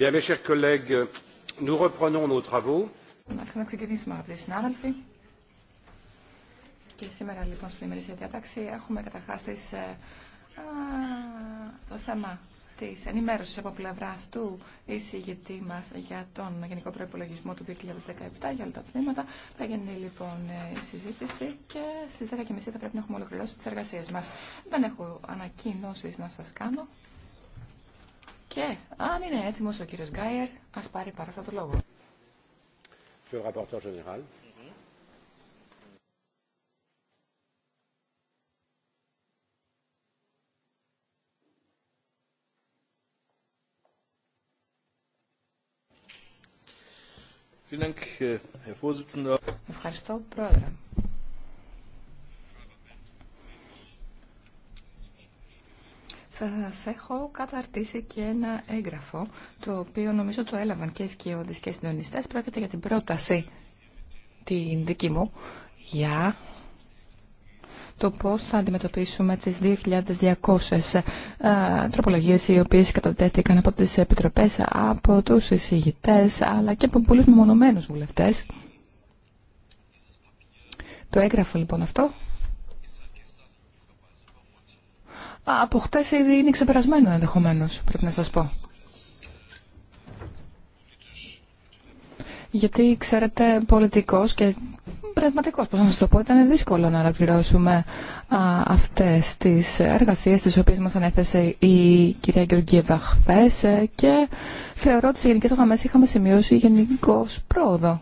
Bien, mes chers collègues, nous reprenons αγαπητοί συνάδελφοι. Και σήμερα, λοιπόν, στην ημερήσια διάταξη έχουμε καταρχά ε, το θέμα τη ενημέρωση από πλευρά του εισηγητή μα για τον Γενικό Προπολογισμό του 2017 για όλα τα τμήματα. Θα γίνει λοιπόν ε, η συζήτηση και στι 10.30 θα πρέπει να έχουμε ολοκληρώσει τι εργασίε μα. Δεν έχω ανακοινώσει να σα κάνω. Και αν είναι έτοιμο ο κύριο Γκάιερ, α πάρει πάρα αυτό το λόγο. Ευχαριστώ, Πρόεδρε. σας έχω καταρτήσει και ένα έγγραφο, το οποίο νομίζω το έλαβαν και οι σκιώδεις και οι συντονιστές. Πρόκειται για την πρόταση την δική μου για το πώς θα αντιμετωπίσουμε τις 2.200 ε, τροπολογίες οι οποίες κατατέθηκαν από τις επιτροπές, από τους εισηγητές, αλλά και από πολλούς μεμονωμένους βουλευτές. Το έγγραφο λοιπόν αυτό από χτε ήδη είναι ξεπερασμένο ενδεχομένω, πρέπει να σας πω. Γιατί ξέρετε, πολιτικός και πραγματικός, πώς να σα το πω, ήταν δύσκολο να ολοκληρώσουμε αυτές τις εργασίε τις οποίες μας ανέθεσε η κυρία Γεωργίευα χθε ε, και θεωρώ ότι σε γενικέ γραμμέ είχαμε σημειώσει γενικώ πρόοδο.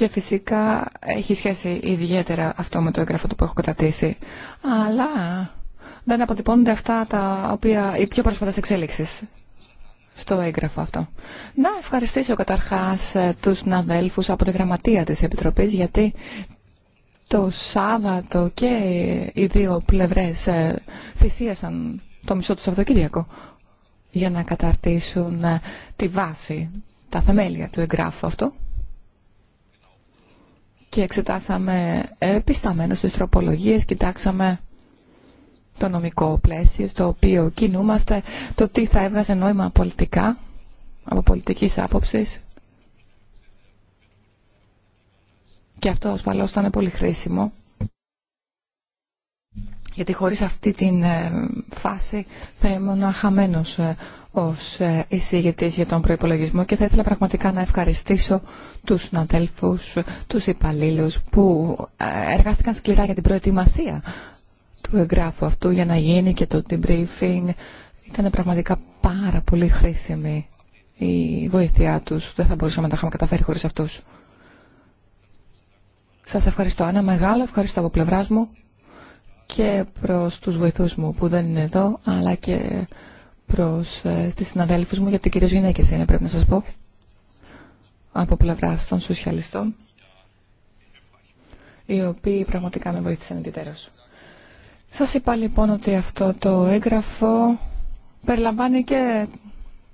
Και φυσικά έχει σχέση ιδιαίτερα αυτό με το έγγραφο που έχω κατατήσει. Αλλά δεν αποτυπώνονται αυτά τα οποία οι πιο πρόσφατες εξέλιξεις στο έγγραφο αυτό. Να ευχαριστήσω καταρχάς ε, τους συναδέλφους από τη γραμματεία της Επιτροπής γιατί το Σάββατο και οι δύο πλευρές ε, θυσίασαν το μισό του Σαββατοκύριακο για να καταρτήσουν ε, τη βάση, τα θεμέλια του εγγράφου αυτού και εξετάσαμε επισταμένως τις τροπολογίες, κοιτάξαμε το νομικό πλαίσιο στο οποίο κινούμαστε, το τι θα έβγαζε νόημα πολιτικά, από πολιτικής άποψης. Και αυτό ασφαλώς ήταν πολύ χρήσιμο. Γιατί χωρίς αυτή την ε, φάση θα ήμουν χαμένος ε, ως ε, εισηγητής για τον προϋπολογισμό και θα ήθελα πραγματικά να ευχαριστήσω τους συναδέλφους, τους υπαλλήλους που ε, εργάστηκαν σκληρά για την προετοιμασία του εγγράφου αυτού για να γίνει και το debriefing. Ήταν πραγματικά πάρα πολύ χρήσιμη η βοήθειά τους. Δεν θα μπορούσαμε να τα είχαμε καταφέρει χωρίς αυτούς. Σας ευχαριστώ. Ένα μεγάλο ευχαριστώ από πλευράς μου και προς τους βοηθούς μου που δεν είναι εδώ, αλλά και προς ε, τις συναδέλφους μου, γιατί κυρίως γυναίκες είναι, πρέπει να σας πω, από πλευρά των σοσιαλιστών, οι οποίοι πραγματικά με βοήθησαν εντυτέρως. Σας είπα λοιπόν ότι αυτό το έγγραφο περιλαμβάνει και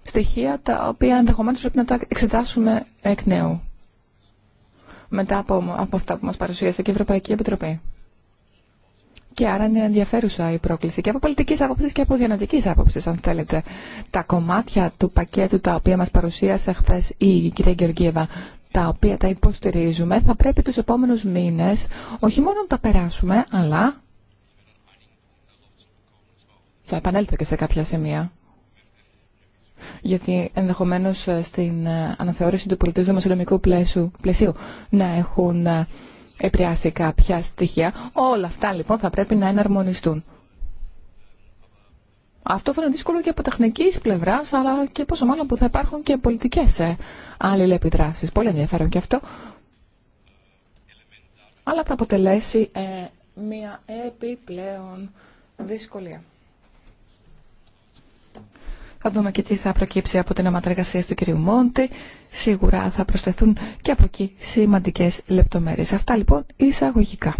στοιχεία τα οποία ενδεχομένως πρέπει να τα εξετάσουμε εκ νέου μετά από, από αυτά που μας παρουσίασε και η Ευρωπαϊκή Επιτροπή. Και άρα είναι ενδιαφέρουσα η πρόκληση και από πολιτική άποψη και από διανοτική άποψη, αν θέλετε. Τα κομμάτια του πακέτου τα οποία μα παρουσίασε χθε η κυρία Γεωργίεβα, τα οποία τα υποστηρίζουμε, θα πρέπει του επόμενου μήνε όχι μόνο να τα περάσουμε, αλλά. Θα επανέλθω και σε κάποια σημεία. Γιατί ενδεχομένω στην αναθεώρηση του πολιτισμού δημοσιονομικού πλαίσιου να έχουν επηρεάσει κάποια στοιχεία. Όλα αυτά λοιπόν θα πρέπει να εναρμονιστούν. Αυτό θα είναι δύσκολο και από τεχνική πλευρά, αλλά και πόσο μάλλον που θα υπάρχουν και πολιτικέ ε, αλληλεπιδράσει. Πολύ ενδιαφέρον και αυτό. Αλλά θα αποτελέσει ε, μια επιπλέον δυσκολία. Θα δούμε και τι θα προκύψει από την αματεργασία του κ. Μόντι σίγουρα θα προσθεθούν και από εκεί σημαντικές λεπτομέρειες. Αυτά λοιπόν εισαγωγικά.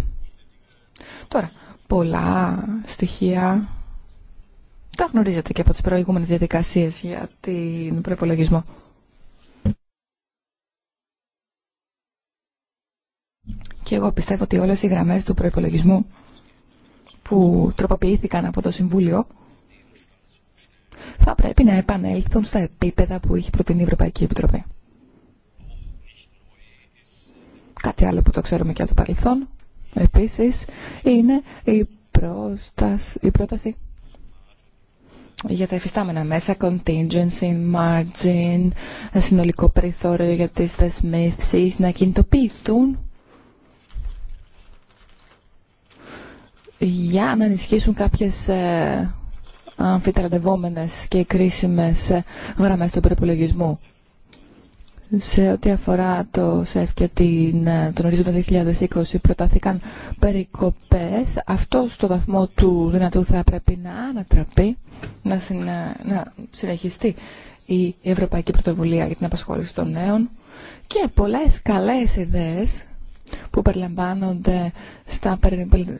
Τώρα, πολλά στοιχεία τα γνωρίζετε και από τις προηγούμενες διαδικασίες για την προπολογισμό. Και εγώ πιστεύω ότι όλες οι γραμμές του προϋπολογισμού που τροποποιήθηκαν από το Συμβούλιο θα πρέπει να επανέλθουν στα επίπεδα που είχε προτείνει η Ευρωπαϊκή Επιτροπή. Κάτι άλλο που το ξέρουμε και από το παρελθόν, επίσης, είναι η, πρόσταση, η πρόταση για τα εφιστάμενα μέσα, contingency, margin, συνολικό περιθώριο για τις δεσμεύσεις, να κινητοποιηθούν για να ενισχύσουν κάποιες ε, αμφιταραντευόμενες και κρίσιμες ε, γραμμές του προπολογισμού. Σε ό,τι αφορά το ΣΕΦ και την, ε, τον ορίζοντα 2020 προτάθηκαν περικοπές. Αυτό στο βαθμό του δυνατού θα πρέπει να ανατραπεί, να, συνα, ε, να συνεχιστεί η Ευρωπαϊκή Πρωτοβουλία για την Απασχόληση των Νέων και πολλές καλές ιδέες που περιλαμβάνονται στα,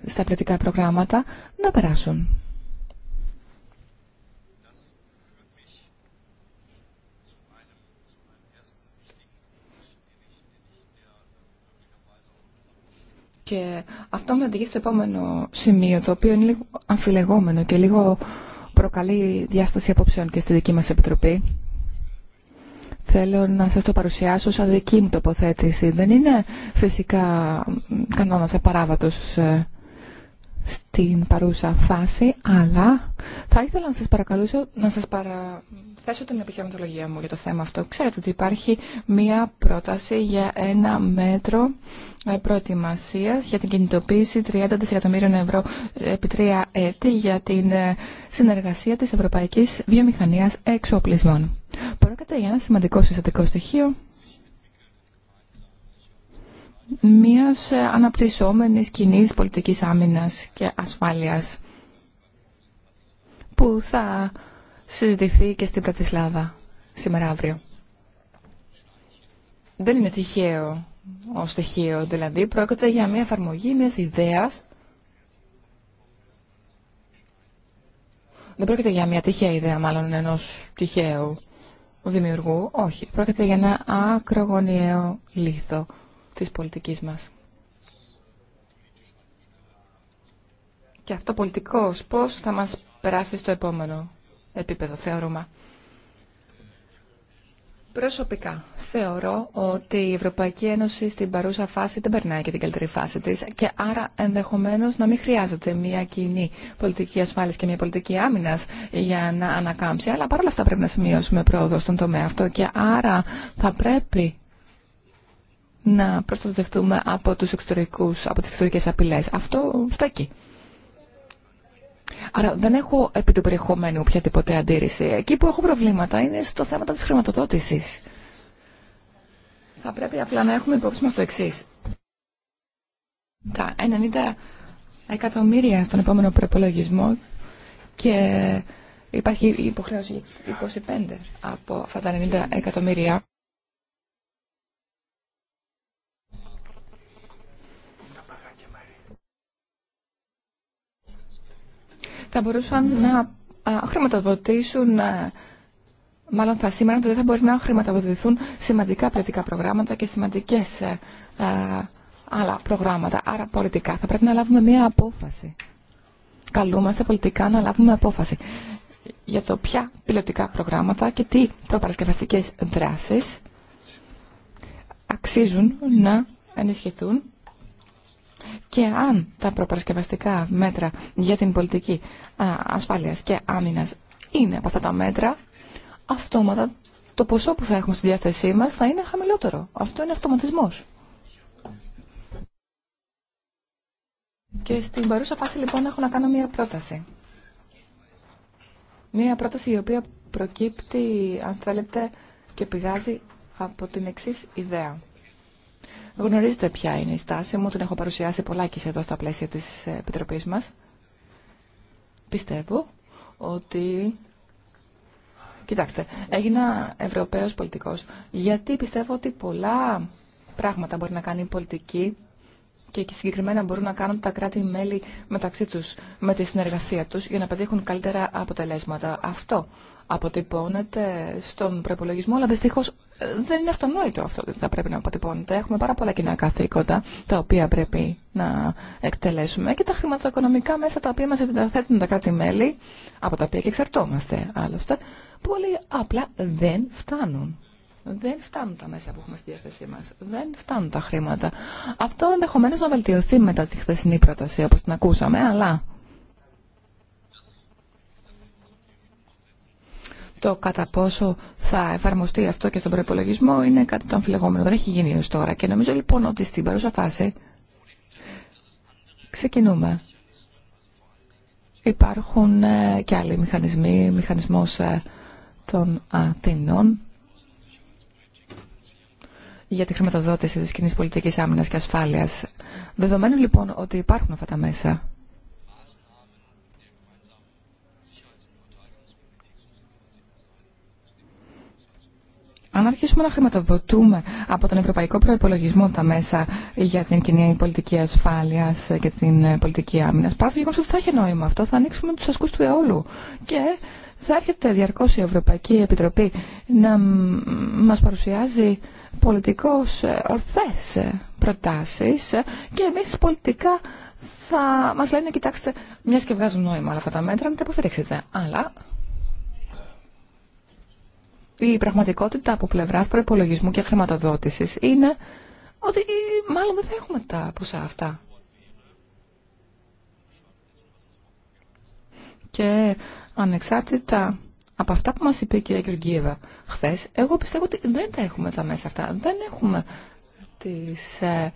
στα προγράμματα να περάσουν. Και αυτό με οδηγεί στο επόμενο σημείο, το οποίο είναι λίγο αμφιλεγόμενο και λίγο προκαλεί διάσταση απόψεων και στη δική μας Επιτροπή. Θέλω να σας το παρουσιάσω σαν δική μου τοποθέτηση. Δεν είναι φυσικά κανόνας απαράβατος ε, στην παρούσα φάση, αλλά θα ήθελα να σας παρακαλούσω να σας παραθέσω την επιχειρηματολογία μου για το θέμα αυτό. Ξέρετε ότι υπάρχει μία πρόταση για ένα μέτρο ε, προετοιμασίας για την κινητοποίηση 30 δισεκατομμύριων ευρώ ε, επί τρία έτη για την ε, συνεργασία της Ευρωπαϊκής Βιομηχανίας Εξοπλισμών. Πρόκειται για ένα σημαντικό συστατικό στοιχείο μιας ε, αναπτυσσόμενης κοινή πολιτικής άμυνας και ασφάλειας που θα συζητηθεί και στην Πρατισλάβα σήμερα αύριο. Δεν είναι τυχαίο ω στοιχείο, δηλαδή πρόκειται για μια εφαρμογή μιας ιδέας Δεν πρόκειται για μια τυχαία ιδέα, μάλλον ενός τυχαίου δημιουργού. Όχι, πρόκειται για ένα ακρογωνιαίο λίθο της πολιτικής μας. Και αυτό πολιτικός πώς θα μας περάσει στο επόμενο επίπεδο, θεωρούμε. Προσωπικά θεωρώ ότι η Ευρωπαϊκή Ένωση στην παρούσα φάση δεν περνάει και την καλύτερη φάση της και άρα ενδεχομένως να μην χρειάζεται μια κοινή πολιτική ασφάλειας και μια πολιτική άμυνας για να ανακάμψει. Αλλά παρόλα αυτά πρέπει να σημειώσουμε πρόοδο στον τομέα αυτό και άρα θα πρέπει να προστατευτούμε από, τους εξωτερικούς, από τις εξωτερικές απειλές. Αυτό στέκει. Άρα δεν έχω επί του περιεχομένου οποιαδήποτε αντίρρηση. Εκεί που έχω προβλήματα είναι στο θέμα της χρηματοδότησης. Θα πρέπει απλά να έχουμε υπόψη μας το εξή. Τα 90 εκατομμύρια στον επόμενο προπολογισμό και υπάρχει υποχρέωση 25 από αυτά τα 90 εκατομμύρια θα μπορούσαν να χρηματοδοτήσουν, μάλλον θα σήμερα ότι δεν θα μπορεί να χρηματοδοτηθούν σημαντικά πολιτικά προγράμματα και σημαντικές ε, άλλα προγράμματα, άρα πολιτικά. Θα πρέπει να λάβουμε μία απόφαση. Καλούμαστε πολιτικά να λάβουμε απόφαση για το ποια πιλωτικά προγράμματα και τι προπαρασκευαστικές δράσεις αξίζουν να ενισχυθούν και αν τα προπαρασκευαστικά μέτρα για την πολιτική ασφάλειας και άμυνας είναι από αυτά τα μέτρα, αυτόματα το ποσό που θα έχουμε στη διάθεσή μας θα είναι χαμηλότερο. Αυτό είναι αυτοματισμός. Και στην παρούσα φάση λοιπόν έχω να κάνω μία πρόταση. Μία πρόταση η οποία προκύπτει, αν θέλετε, και πηγάζει από την εξή ιδέα. Γνωρίζετε ποια είναι η στάση μου, την έχω παρουσιάσει πολλά και εδώ στα πλαίσια της Επιτροπής μας. Πιστεύω ότι... Κοιτάξτε, έγινα Ευρωπαίος πολιτικός γιατί πιστεύω ότι πολλά πράγματα μπορεί να κάνει η πολιτική και συγκεκριμένα μπορούν να κάνουν τα κράτη-μέλη μεταξύ τους με τη συνεργασία τους για να πετύχουν καλύτερα αποτελέσματα. Αυτό αποτυπώνεται στον προπολογισμό, αλλά δυστυχώς δεν είναι αυτονόητο αυτό ότι θα πρέπει να αποτυπώνεται. Έχουμε πάρα πολλά κοινά καθήκοντα τα οποία πρέπει να εκτελέσουμε και τα χρηματοοικονομικά μέσα τα οποία μας διαθέτουν τα κράτη-μέλη, από τα οποία και εξαρτώμαστε άλλωστε, πολύ απλά δεν φτάνουν. Δεν φτάνουν τα μέσα που έχουμε στη διάθεσή μα. Δεν φτάνουν τα χρήματα. Αυτό ενδεχομένω να βελτιωθεί μετά τη χθεσινή πρόταση, όπω την ακούσαμε, αλλά Το κατά πόσο θα εφαρμοστεί αυτό και στον προπολογισμό είναι κάτι το αμφιλεγόμενο. Δεν έχει γίνει έως τώρα. Και νομίζω λοιπόν ότι στην παρούσα φάση ξεκινούμε. Υπάρχουν ε, και άλλοι μηχανισμοί, μηχανισμός ε, των Αθηνών για τη χρηματοδότηση της κοινή πολιτικής άμυνας και ασφάλειας. Δεδομένου λοιπόν ότι υπάρχουν αυτά τα μέσα, Αν αρχίσουμε να χρηματοδοτούμε από τον Ευρωπαϊκό Προπολογισμό τα μέσα για την κοινή πολιτική ασφάλεια και την πολιτική άμυνα, παρά το γεγονό ότι θα έχει νόημα αυτό, θα ανοίξουμε του ασκού του αιώλου. Και θα έρχεται διαρκώ η Ευρωπαϊκή Επιτροπή να μα παρουσιάζει πολιτικώ ορθέ προτάσει και εμεί πολιτικά θα μα λένε, κοιτάξτε, μια και βγάζουν νόημα όλα αυτά τα μέτρα, να τα υποστηρίξετε. Αλλά η πραγματικότητα από πλευρά προπολογισμού και χρηματοδότηση είναι ότι ε, μάλλον δεν θα έχουμε τα ποσά αυτά. Και ανεξάρτητα από αυτά που μας είπε η κυρία Γεωργίεβα χθες, εγώ πιστεύω ότι δεν τα έχουμε τα μέσα αυτά. Δεν έχουμε τις, ε,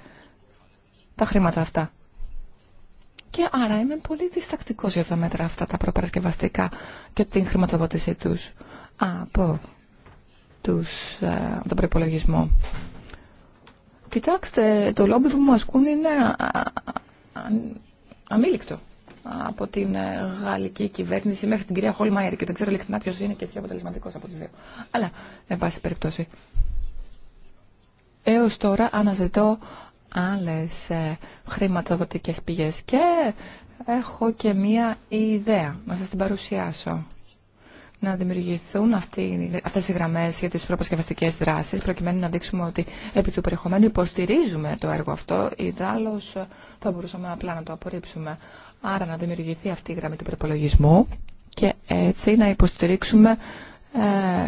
τα χρήματα αυτά. Και άρα είμαι πολύ διστακτικός για τα μέτρα αυτά, τα προπαρασκευαστικά και την χρηματοδότησή τους. Από τους, ε, τον προπολογισμό. Κοιτάξτε, το λόμπι που μου ασκούν είναι αμήλικτο από την ε, γαλλική κυβέρνηση μέχρι την κυρία Χολμαϊρ και δεν ξέρω ειλικρινά ποιο είναι και πιο αποτελεσματικό από του δύο. Αλλά, εν πάση περιπτώσει, έω τώρα αναζητώ άλλε χρηματοδοτικέ πηγέ και έχω και μία ιδέα να σα την παρουσιάσω να δημιουργηθούν αυτέ οι γραμμέ για τι προπασκευαστικέ δράσει, προκειμένου να δείξουμε ότι επί του περιεχομένου υποστηρίζουμε το έργο αυτό ή ιδάλλως θα μπορούσαμε απλά να το απορρίψουμε άρα να δημιουργηθεί αυτή η γραμμή του προπολογισμού και έτσι να υποστηρίξουμε ε,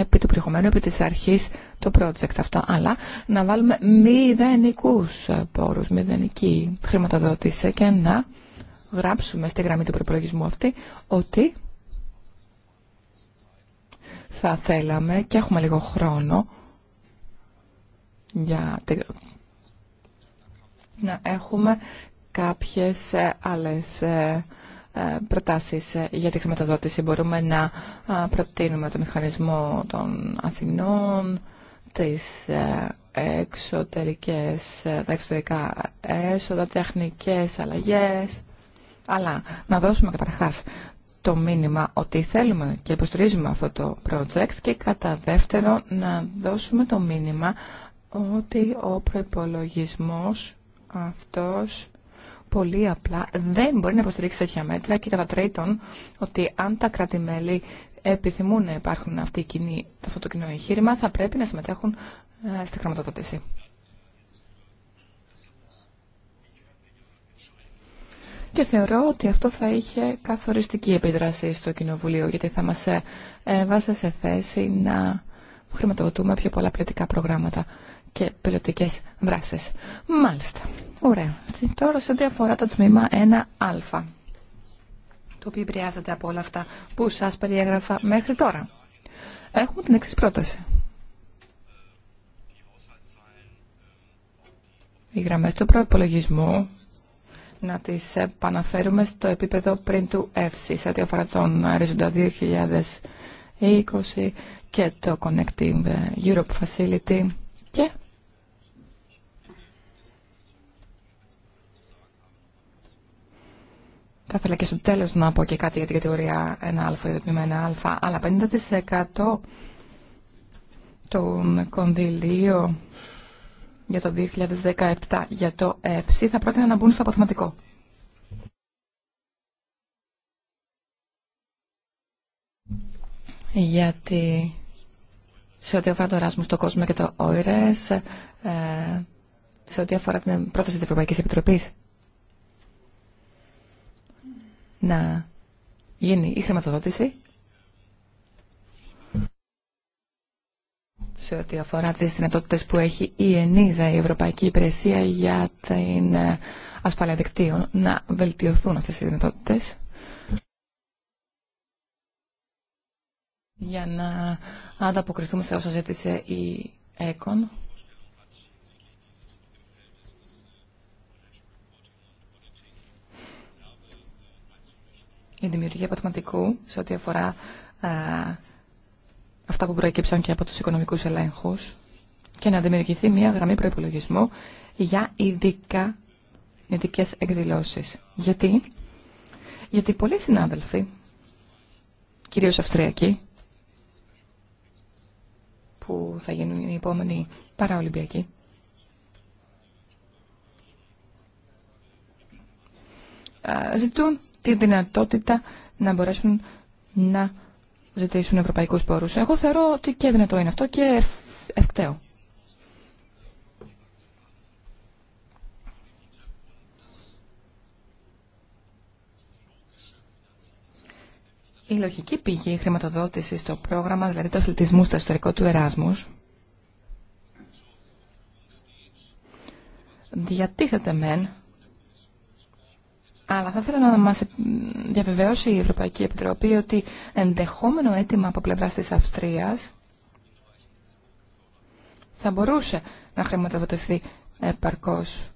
επί του περιεχομένου, επί τη αρχή το project αυτό, αλλά να βάλουμε μηδενικού πόρου, μηδενική χρηματοδότηση και να γράψουμε στη γραμμή του προπολογισμού αυτή ότι θα θέλαμε και έχουμε λίγο χρόνο για να έχουμε κάποιες ε, άλλες ε, ε, προτάσεις για τη χρηματοδότηση. Μπορούμε να προτείνουμε το μηχανισμό των Αθηνών, τις εξωτερικές, τα εξωτερικά έσοδα, τεχνικές αλλαγές. Αλλά να δώσουμε καταρχάς το μήνυμα ότι θέλουμε και υποστηρίζουμε αυτό το project και κατά δεύτερο να δώσουμε το μήνυμα ότι ο προϋπολογισμός αυτός πολύ απλά δεν μπορεί να υποστηρίξει τέτοια μέτρα και κατά τρίτον ότι αν τα κράτη-μέλη επιθυμούν να υπάρχουν αυτή κοινή, αυτό το κοινό εγχείρημα θα πρέπει να συμμετέχουν ε, στη χρηματοδότηση. και θεωρώ ότι αυτό θα είχε καθοριστική επίδραση στο Κοινοβουλίο γιατί θα μας ε, έβαζε σε θέση να χρηματοδοτούμε πιο πολλά πλαιτικά προγράμματα και πιλωτικέ δράσεις. Μάλιστα. Ωραία. Τώρα σε ό,τι αφορά το τμήμα 1α το οποίο επηρεάζεται από όλα αυτά που σας περιέγραφα μέχρι τώρα. Έχουμε την εξή πρόταση. Οι γραμμές του προπολογισμού να τις επαναφέρουμε στο επίπεδο πριν του ΕΦΣΙ σε ό,τι αφορά τον ΡΙΖΟΝΤΑ 2020 και το Connecting Europe Facility και Θα ήθελα και στο τέλος να πω και κάτι για την κατηγορία 1α ή το τμήμα 1α, αλλά 50% των κονδυλίων για το 2017 για το ΕΦΣΥ θα πρότεινα να μπουν στο αποθηματικό. Γιατί σε ό,τι αφορά το Εράσμου στο κόσμο και το ΟΗΡΕΣ, ε, σε ό,τι αφορά την πρόταση της Ευρωπαϊκής Επιτροπής, να γίνει η χρηματοδότηση σε ό,τι αφορά τις δυνατότητες που έχει η ΕΝΙΖΑ, η Ευρωπαϊκή Υπηρεσία για την ε, ασφάλεια δικτύων, να βελτιωθούν αυτές οι δυνατότητες. Για να ανταποκριθούμε σε όσα ζήτησε η ΕΚΟΝ. Η δημιουργία παθηματικού σε ό,τι αφορά ε, αυτά που προέκυψαν και από τους οικονομικούς ελέγχους και να δημιουργηθεί μια γραμμή προϋπολογισμού για ειδικά, ειδικές εκδηλώσεις. Γιατί? Γιατί πολλοί συνάδελφοι, κυρίως Αυστριακοί, που θα γίνουν οι επόμενοι παραολυμπιακοί, ζητούν τη δυνατότητα να μπορέσουν να ζητήσουν ευρωπαϊκούς πόρους. Εγώ θεωρώ ότι και δυνατό είναι αυτό και ευκταίο. Η λογική πηγή χρηματοδότηση στο πρόγραμμα, δηλαδή του αθλητισμού στο εσωτερικό του Εράσμου, διατίθεται μεν, αλλά θα ήθελα να μας διαβεβαιώσει η Ευρωπαϊκή Επιτροπή ότι ενδεχόμενο αίτημα από πλευράς της Αυστρίας θα μπορούσε να χρηματοδοτηθεί επαρκώς.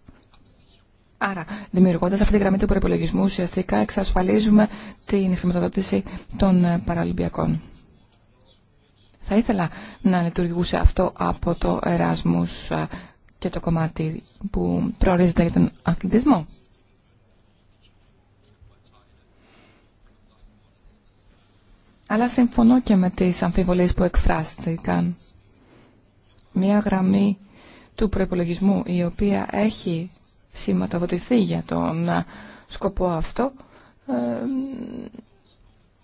Άρα, δημιουργώντας αυτή τη γραμμή του προπολογισμού, ουσιαστικά εξασφαλίζουμε την χρηματοδότηση των ε, παραλυμπιακών. Θα ήθελα να λειτουργούσε αυτό από το Εράσμους και το κομμάτι που προορίζεται για τον αθλητισμό. Αλλά συμφωνώ και με τις αμφιβολίες που εκφράστηκαν. Μία γραμμή του προπολογισμού η οποία έχει σηματοδοτηθεί για τον σκοπό αυτό ε,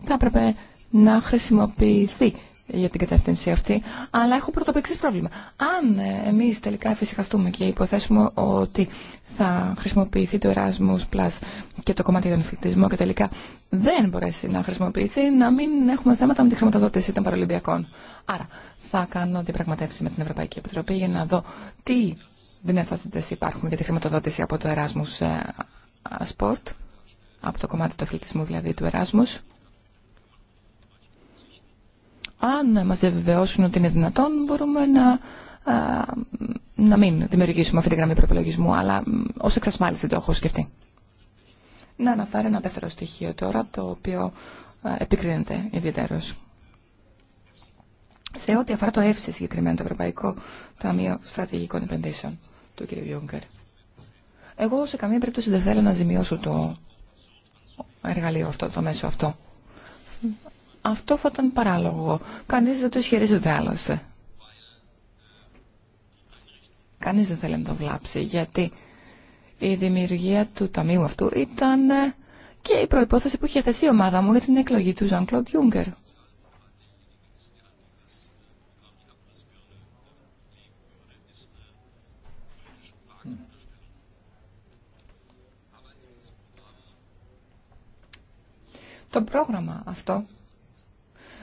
θα έπρεπε να χρησιμοποιηθεί για την κατεύθυνση αυτή, αλλά έχω πρώτο πρόβλημα. Αν ε, εμεί τελικά εφησυχαστούμε και υποθέσουμε ότι θα χρησιμοποιηθεί το Erasmus Plus και το κομμάτι για τον εθνικισμό και τελικά δεν μπορέσει να χρησιμοποιηθεί, να μην έχουμε θέματα με τη χρηματοδότηση των Παραλυμπιακών. Άρα θα κάνω διαπραγματεύσει με την Ευρωπαϊκή Επιτροπή για να δω τι δυνατότητες υπάρχουν για τη χρηματοδότηση από το Erasmus ε, Sport, από το κομμάτι του αθλητισμού δηλαδή του Erasmus αν μας διαβεβαιώσουν ότι είναι δυνατόν, μπορούμε να, να μην δημιουργήσουμε αυτή τη γραμμή προπολογισμού, αλλά ως εξασφάλιση το έχω σκεφτεί. Να αναφέρω ένα δεύτερο στοιχείο τώρα, το οποίο επικρίνεται ιδιαίτερως. Σε ό,τι αφορά το ΕΦΣΙ συγκεκριμένα, το Ευρωπαϊκό Ταμείο Στρατηγικών Επενδύσεων του κ. Γιούγκερ. Εγώ σε καμία περίπτωση δεν θέλω να ζημιώσω το εργαλείο αυτό, το μέσο αυτό. Αυτό θα ήταν παράλογο. Κανείς δεν το ισχυρίζεται άλλωστε. Κανεί δεν θέλει να το βλάψει, γιατί η δημιουργία του ταμείου αυτού ήταν ε, και η προϋπόθεση που είχε θέσει η ομάδα μου για την εκλογή του Ζαν Κλοντ Γιούγκερ. Το πρόγραμμα αυτό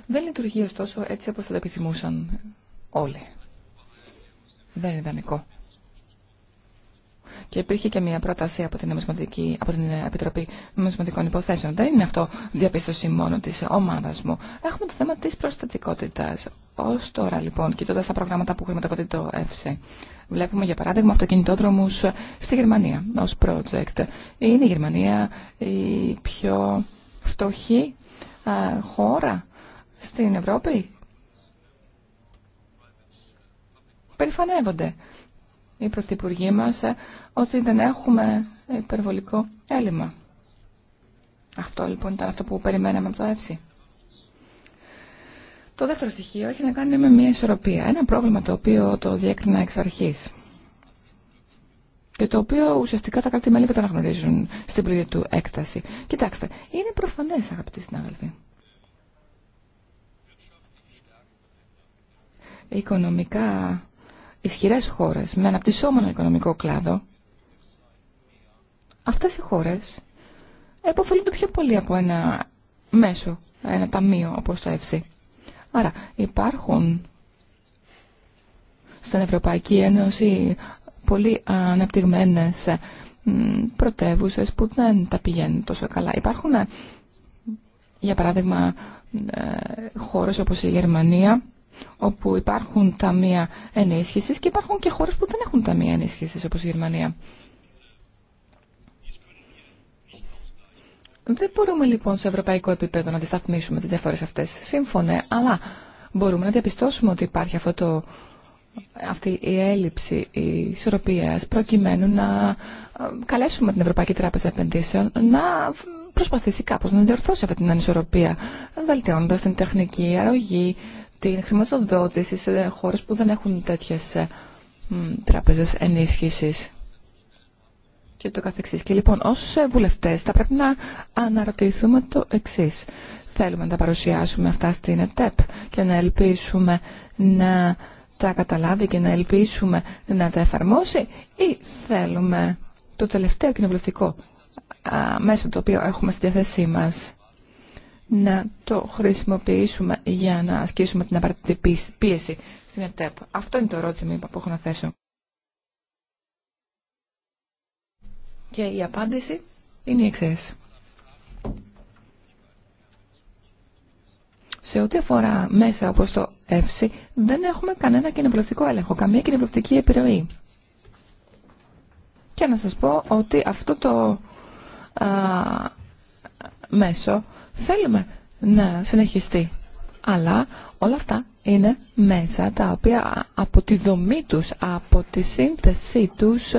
δεν λειτουργεί ωστόσο έτσι όπως θα το επιθυμούσαν όλοι. Δεν είναι ιδανικό. Και υπήρχε και μια πρόταση από την, από την Επιτροπή Νομισματικών Υποθέσεων. Δεν είναι αυτό διαπίστωση μόνο τη ομάδα μου. Έχουμε το θέμα τη προστατικότητα. Ω τώρα λοιπόν, κοιτώντα τα προγράμματα που χρηματοδοτεί το ΕΦΣΕ, βλέπουμε για παράδειγμα αυτοκινητόδρομου στη Γερμανία ω project. Είναι η Γερμανία η πιο φτωχή χώρα στην Ευρώπη. Περιφανεύονται οι πρωθυπουργοί μας ε, ότι δεν έχουμε υπερβολικό έλλειμμα. Αυτό λοιπόν ήταν αυτό που περιμέναμε από το ΕΦΣΥ. Το δεύτερο στοιχείο έχει να κάνει με μια ισορροπία. Ένα πρόβλημα το οποίο το διέκρινα εξ αρχής και το οποίο ουσιαστικά τα κράτη-μέλη δεν το αναγνωρίζουν στην πλήρη του έκταση. Κοιτάξτε, είναι προφανές αγαπητοί συνάδελφοι οικονομικά ισχυρές χώρες με αναπτυσσόμενο οικονομικό κλάδο, αυτές οι χώρες επωφελούνται πιο πολύ από ένα μέσο, ένα ταμείο όπως το ΕΦΣΥ. Άρα υπάρχουν στην Ευρωπαϊκή Ένωση πολύ αναπτυγμένες πρωτεύουσε που δεν τα πηγαίνουν τόσο καλά. Υπάρχουν, για παράδειγμα, ε, χώρες όπως η Γερμανία, όπου υπάρχουν ταμεία ενίσχυσης και υπάρχουν και χώρες που δεν έχουν ταμεία ενίσχυσης όπως η Γερμανία. Δεν μπορούμε λοιπόν σε ευρωπαϊκό επίπεδο να αντισταθμίσουμε τις διαφορές αυτές. σύμφωνα, αλλά μπορούμε να διαπιστώσουμε ότι υπάρχει αυτό αυτή η έλλειψη ισορροπίας προκειμένου να ε, καλέσουμε την Ευρωπαϊκή Τράπεζα Επενδύσεων να προσπαθήσει κάπως να διορθώσει αυτή την ανισορροπία, βελτιώνοντας την τεχνική αρρωγή, την χρηματοδότηση σε χώρες που δεν έχουν τέτοιες ε, τράπεζες ενίσχυσης και το καθεξής. Και λοιπόν, ως βουλευτές θα πρέπει να αναρωτηθούμε το εξής. Θέλουμε να τα παρουσιάσουμε αυτά στην ΕΤΕΠ και να ελπίσουμε να τα καταλάβει και να ελπίσουμε να τα εφαρμόσει ή θέλουμε το τελευταίο κοινοβουλευτικό μέσο το οποίο έχουμε στη διάθεσή μας να το χρησιμοποιήσουμε για να ασκήσουμε την απαραίτητη πίεση στην ΕΤΕΠ. Αυτό είναι το ερώτημα που έχω να θέσω. Και η απάντηση είναι η εξή. Σε ό,τι αφορά μέσα όπως το ΕΦΣΙ, δεν έχουμε κανένα κοινοβουλευτικό έλεγχο, καμία κοινοβουλευτική επιρροή. Και να σας πω ότι αυτό το α, μέσο Θέλουμε να συνεχιστεί. Αλλά όλα αυτά είναι μέσα τα οποία από τη δομή τους, από τη σύνθεσή τους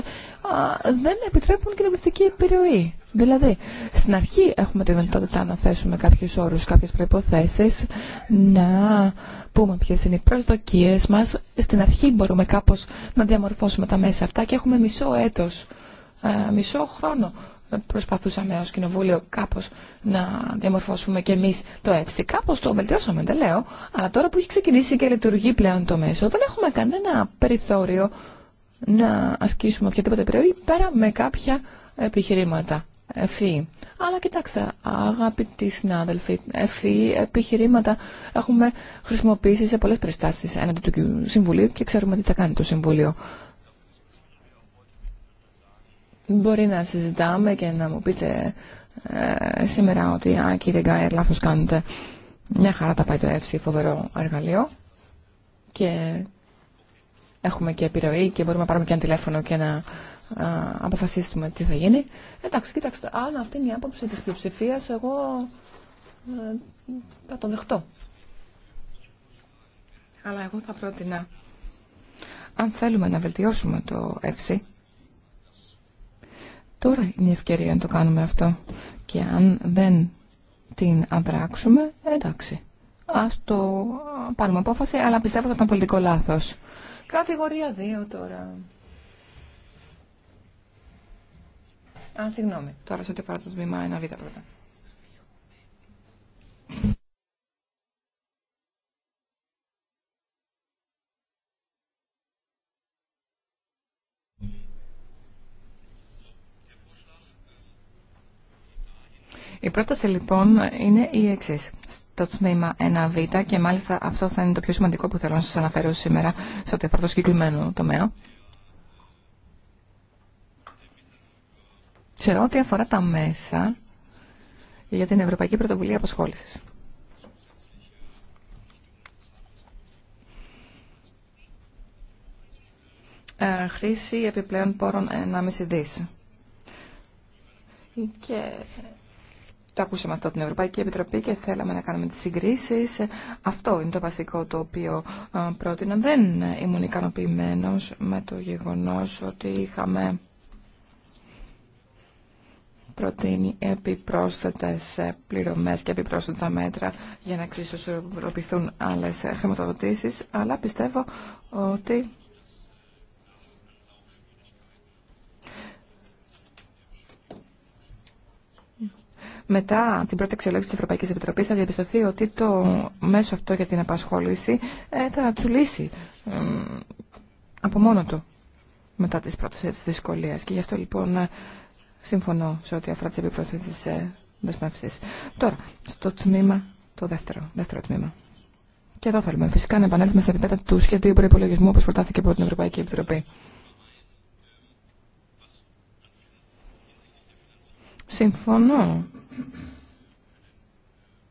δεν επιτρέπουν κοινοβουλευτική επιρροή. Δηλαδή, στην αρχή έχουμε τη δυνατότητα να θέσουμε κάποιους όρους, κάποιες προϋποθέσεις, να πούμε ποιες είναι οι προσδοκίες μας. Στην αρχή μπορούμε κάπως να διαμορφώσουμε τα μέσα αυτά και έχουμε μισό έτος, ε, μισό χρόνο προσπαθούσαμε ως κοινοβούλιο κάπως να διαμορφώσουμε και εμείς το ΕΦΣΙ. Κάπως το βελτιώσαμε, δεν λέω. Αλλά τώρα που έχει ξεκινήσει και λειτουργεί πλέον το μέσο, δεν έχουμε κανένα περιθώριο να ασκήσουμε οποιαδήποτε επιρροή πέρα με κάποια επιχειρήματα. Αλλά κοιτάξτε, αγαπητοί συνάδελφοι, εφή επιχειρήματα έχουμε χρησιμοποιήσει σε πολλές περιστάσεις έναντι του Συμβουλίου και ξέρουμε τι θα κάνει το Συμβούλιο. Μπορεί να συζητάμε και να μου πείτε ε, σήμερα ότι «Α, κύριε Γκάιερ, λάθος κάνετε». Μια χαρά τα πάει το ΕΦΣΙ, φοβερό εργαλείο. Και έχουμε και επιρροή και μπορούμε να πάρουμε και ένα τηλέφωνο και να αποφασίσουμε τι θα γίνει. Εντάξει, κοιτάξτε, αν αυτή είναι η άποψη της πλειοψηφία, εγώ ε, θα το δεχτώ. Αλλά εγώ θα πρότεινα, αν θέλουμε να βελτιώσουμε το ΕΦΣΙ, Τώρα είναι η ευκαιρία να το κάνουμε αυτό. Και αν δεν την αδράξουμε, εντάξει. Ας το πάρουμε απόφαση, αλλά πιστεύω ότι ήταν πολιτικό λάθος. Κατηγορία 2 τώρα. Α, συγγνώμη. Τώρα σε ό,τι αφορά το τμημα ένα 1β πρώτα. πρόταση λοιπόν είναι η εξή. Στο τμήμα 1β και μάλιστα αυτό θα είναι το πιο σημαντικό που θέλω να σα αναφέρω σήμερα σε ό,τι αφορά το συγκεκριμένο τομέα. Σε ό,τι αφορά τα μέσα για την Ευρωπαϊκή Πρωτοβουλία Απασχόλησης. Ε, χρήση επιπλέον πόρων 1,5 δις. Και το ακούσαμε αυτό την Ευρωπαϊκή Επιτροπή και θέλαμε να κάνουμε τις συγκρίσεις. Αυτό είναι το βασικό το οποίο ε, πρότεινα. Δεν ήμουν ικανοποιημένο με το γεγονός ότι είχαμε προτείνει επιπρόσθετες πληρωμές και επιπρόσθετα μέτρα για να εξισορροπηθούν άλλες χρηματοδοτήσεις, αλλά πιστεύω ότι μετά την πρώτη αξιολόγηση της Ευρωπαϊκής Επιτροπής θα διαπιστωθεί ότι το μέσο αυτό για την απασχόληση ε, θα τσουλήσει από μόνο του μετά τις πρώτες ε, δυσκολίες. Και γι' αυτό λοιπόν ε, συμφωνώ σε ό,τι αφορά τις ε, δεσμεύσεις. Τώρα, στο τμήμα, το δεύτερο, δεύτερο τμήμα. Και εδώ θέλουμε φυσικά να επανέλθουμε στα επίπεδα του σχεδίου προπολογισμού όπω προτάθηκε από την Ευρωπαϊκή Επιτροπή. Συμφωνώ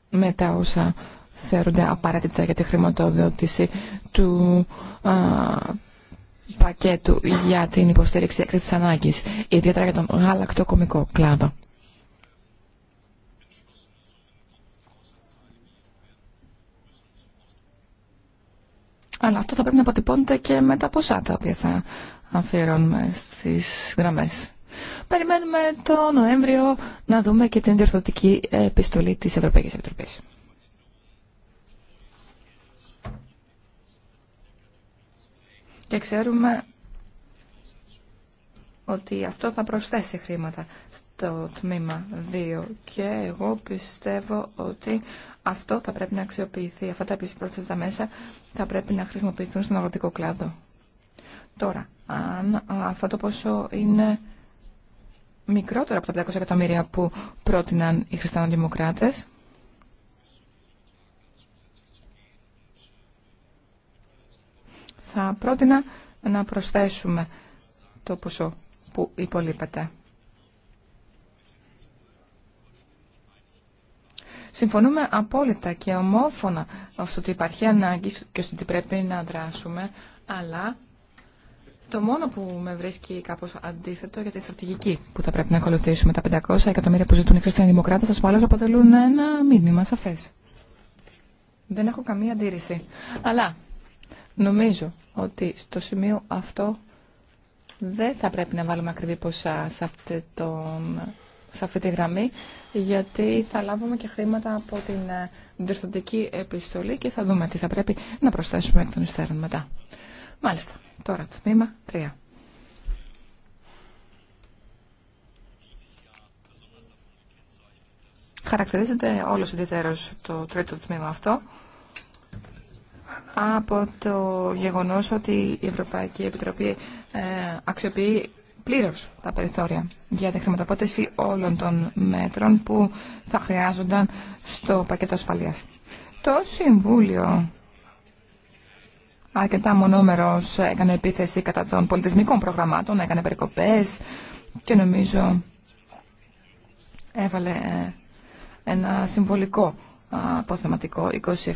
με τα όσα θεωρούνται απαραίτητα για τη χρηματοδότηση του πακέτου για την υποστήριξη έκρητης ανάγκης, ιδιαίτερα για τον γαλακτοκομικό κλάδο. Αλλά αυτό θα πρέπει να αποτυπώνεται και με τα ποσά τα οποία θα αφιερώνουμε στις γραμμές. Περιμένουμε το Νοέμβριο να δούμε και την διορθωτική επιστολή της Ευρωπαϊκής Επιτροπής. Και ξέρουμε ότι αυτό θα προσθέσει χρήματα στο τμήμα 2 και εγώ πιστεύω ότι αυτό θα πρέπει να αξιοποιηθεί. Αυτά τα επίσης μέσα θα πρέπει να χρησιμοποιηθούν στον αγροτικό κλάδο. Τώρα, αν αυτό το ποσό είναι μικρότερα από τα 500 εκατομμύρια που πρότειναν οι χριστιανοδημοκράτες. Θα πρότεινα να προσθέσουμε το ποσό που υπολείπεται. Συμφωνούμε απόλυτα και ομόφωνα στο ότι υπάρχει ανάγκη και στο ότι πρέπει να δράσουμε, αλλά το μόνο που με βρίσκει κάπως αντίθετο για τη στρατηγική που θα πρέπει να ακολουθήσουμε τα 500 εκατομμύρια που ζητούν οι χριστιανοδημοκράτες ασφαλώς αποτελούν ένα μήνυμα σαφές. Δεν έχω καμία αντίρρηση. Αλλά νομίζω ότι στο σημείο αυτό δεν θα πρέπει να βάλουμε ακριβή ποσά σε αυτή, τη γραμμή, γιατί θα λάβουμε και χρήματα από την ε, διορθωτική επιστολή και θα δούμε τι θα πρέπει να προσθέσουμε εκ των υστέρων μετά. Μάλιστα. Τώρα το τμήμα 3. Χαρακτηρίζεται όλος ιδιαίτερος το τρίτο τμήμα αυτό από το γεγονός ότι η Ευρωπαϊκή Επιτροπή ε, αξιοποιεί πλήρως τα περιθώρια για τη χρηματοπότηση όλων των μέτρων που θα χρειάζονταν στο πακέτο ασφαλείας. Το Συμβούλιο αρκετά μονόμερος έκανε επίθεση κατά των πολιτισμικών προγραμμάτων, έκανε περικοπές και νομίζω έβαλε ε, ένα συμβολικό αποθεματικό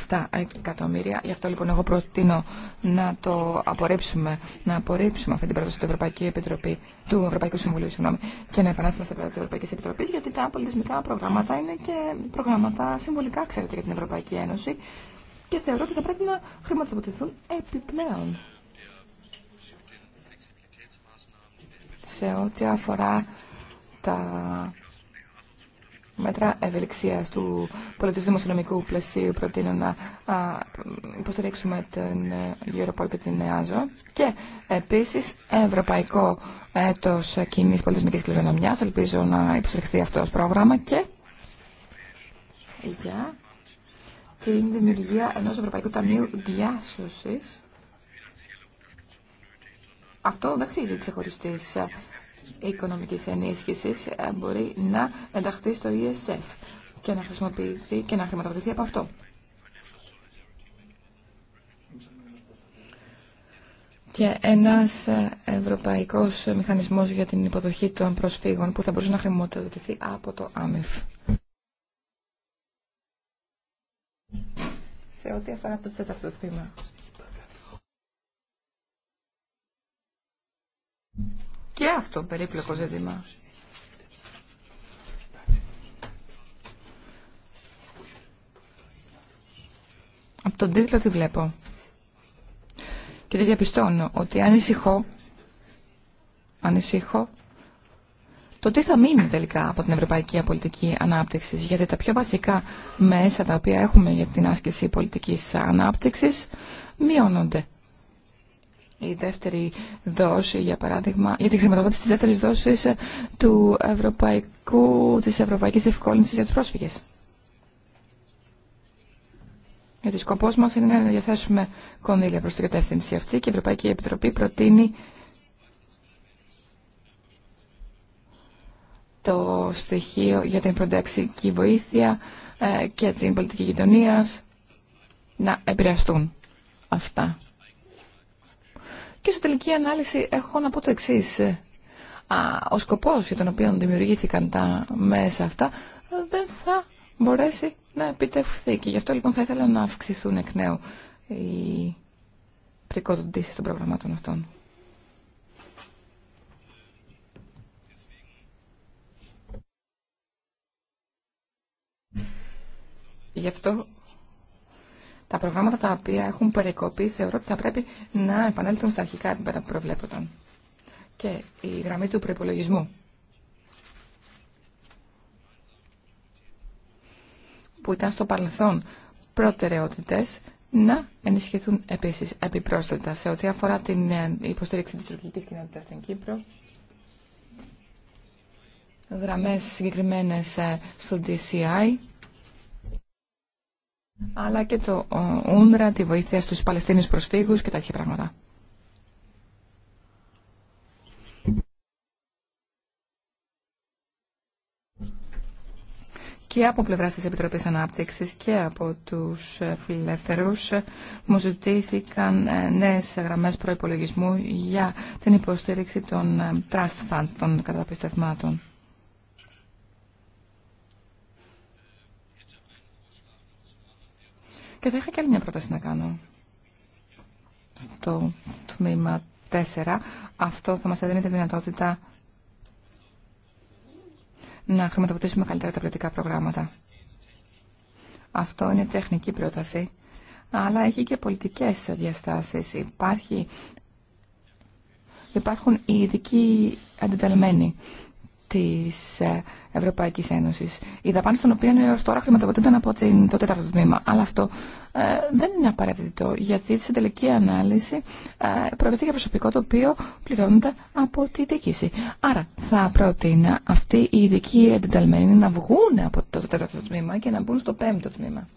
27 εκατομμύρια. Γι' αυτό λοιπόν εγώ προτείνω να το απορρίψουμε, να απορρίψουμε αυτή την πρόταση του Ευρωπαϊκή Επιτροπή, του Ευρωπαϊκού Συμβουλίου, συγγνώμη, και να επανέλθουμε στα πέρα τη Ευρωπαϊκή Επιτροπή, γιατί τα πολιτισμικά προγράμματα είναι και προγράμματα συμβολικά, ξέρετε, για την Ευρωπαϊκή Ένωση και θεωρώ ότι θα πρέπει να χρηματοδοτηθούν επιπλέον. Σε ό,τι αφορά τα μέτρα ευελιξία του πολιτισμού δημοσιονομικού πλαισίου προτείνω να υποστηρίξουμε την ε, Europol και την ΕΑΖΟ και επίσης ευρωπαϊκό έτος κοινή πολιτισμικής κληρονομιάς ελπίζω να υποστηριχθεί αυτό το πρόγραμμα και για την δημιουργία ενός Ευρωπαϊκού Ταμείου Διάσωσης. Αυτό δεν χρήζει ξεχωριστής ε, οικονομικής ενίσχυσης, ε, μπορεί να ενταχθεί στο ESF και να χρησιμοποιηθεί και να χρηματοδοτηθεί από αυτό. Και ένας ε, ευρωπαϊκός μηχανισμός για την υποδοχή των προσφύγων που θα μπορούσε να χρηματοδοτηθεί από το ΆΜΕΦ σε ό,τι αφορά το τέταρτο θέμα. Και αυτό περίπλοκο ζήτημα. Από τον τίτλο τι βλέπω. Και τη διαπιστώνω ότι ανησυχώ, ανησυχώ το τι θα μείνει τελικά από την Ευρωπαϊκή Πολιτική Ανάπτυξη. Γιατί τα πιο βασικά μέσα τα οποία έχουμε για την άσκηση πολιτική ανάπτυξη μειώνονται. Η δεύτερη δόση, για παράδειγμα, για τη χρηματοδότηση τη δεύτερη δόση του Ευρωπαϊκού, της Ευρωπαϊκής Διευκόλυνσης για τους πρόσφυγες. Γιατί σκοπός μας είναι να διαθέσουμε κονδύλια προς την κατεύθυνση αυτή και η Ευρωπαϊκή Επιτροπή προτείνει το στοιχείο για την προταξική βοήθεια ε, και την πολιτική γειτονία να επηρεαστούν αυτά. Και σε τελική ανάλυση έχω να πω το εξή. Ε, ο σκοπός για τον οποίο δημιουργήθηκαν τα μέσα αυτά ε, δεν θα μπορέσει να επιτευχθεί και γι' αυτό λοιπόν θα ήθελα να αυξηθούν εκ νέου οι πρικοδοτήσει των προγραμμάτων αυτών. Γι' αυτό τα προγράμματα τα οποία έχουν περικοπεί θεωρώ ότι θα πρέπει να επανέλθουν στα αρχικά επίπεδα που προβλέπονταν. Και η γραμμή του προπολογισμού. που ήταν στο παρελθόν προτεραιότητες να ενισχυθούν επίσης επιπρόσθετα σε ό,τι αφορά την ε, υποστήριξη της τουρκικής κοινότητας στην Κύπρο γραμμές συγκεκριμένες ε, στο DCI αλλά και το όνρα, τη βοήθεια στους Παλαιστίνιους προσφύγους και τέτοια πράγματα. και από πλευράς της Επιτροπής Ανάπτυξης και από τους ε, φιλελεύθερους ε, μου ζητήθηκαν ε, νέες γραμμές προϋπολογισμού για την υποστήριξη των trust funds, των καταπιστευμάτων. Και θα είχα και άλλη μια πρόταση να κάνω. Στο τμήμα 4 αυτό θα μας έδινε τη δυνατότητα να χρηματοδοτήσουμε καλύτερα τα ποιοτικά προγράμματα. Αυτό είναι τεχνική πρόταση, αλλά έχει και πολιτικές διαστάσεις. Υπάρχει, υπάρχουν οι ειδικοί αντιταλμένοι της ε, Ευρωπαϊκής Ένωσης. Η δαπάνη των οποίων έω τώρα χρηματοδοτούνταν από την, το τέταρτο τμήμα. Αλλά αυτό ε, δεν είναι απαραίτητο, γιατί στην τελική ανάλυση ε, πρόκειται για προσωπικό το οποίο πληρώνεται από τη διοίκηση. Άρα θα πρότεινα αυτοί οι ειδικοί εντεταλμένοι να βγουν από το τέταρτο τμήμα και να μπουν στο πέμπτο τμήμα.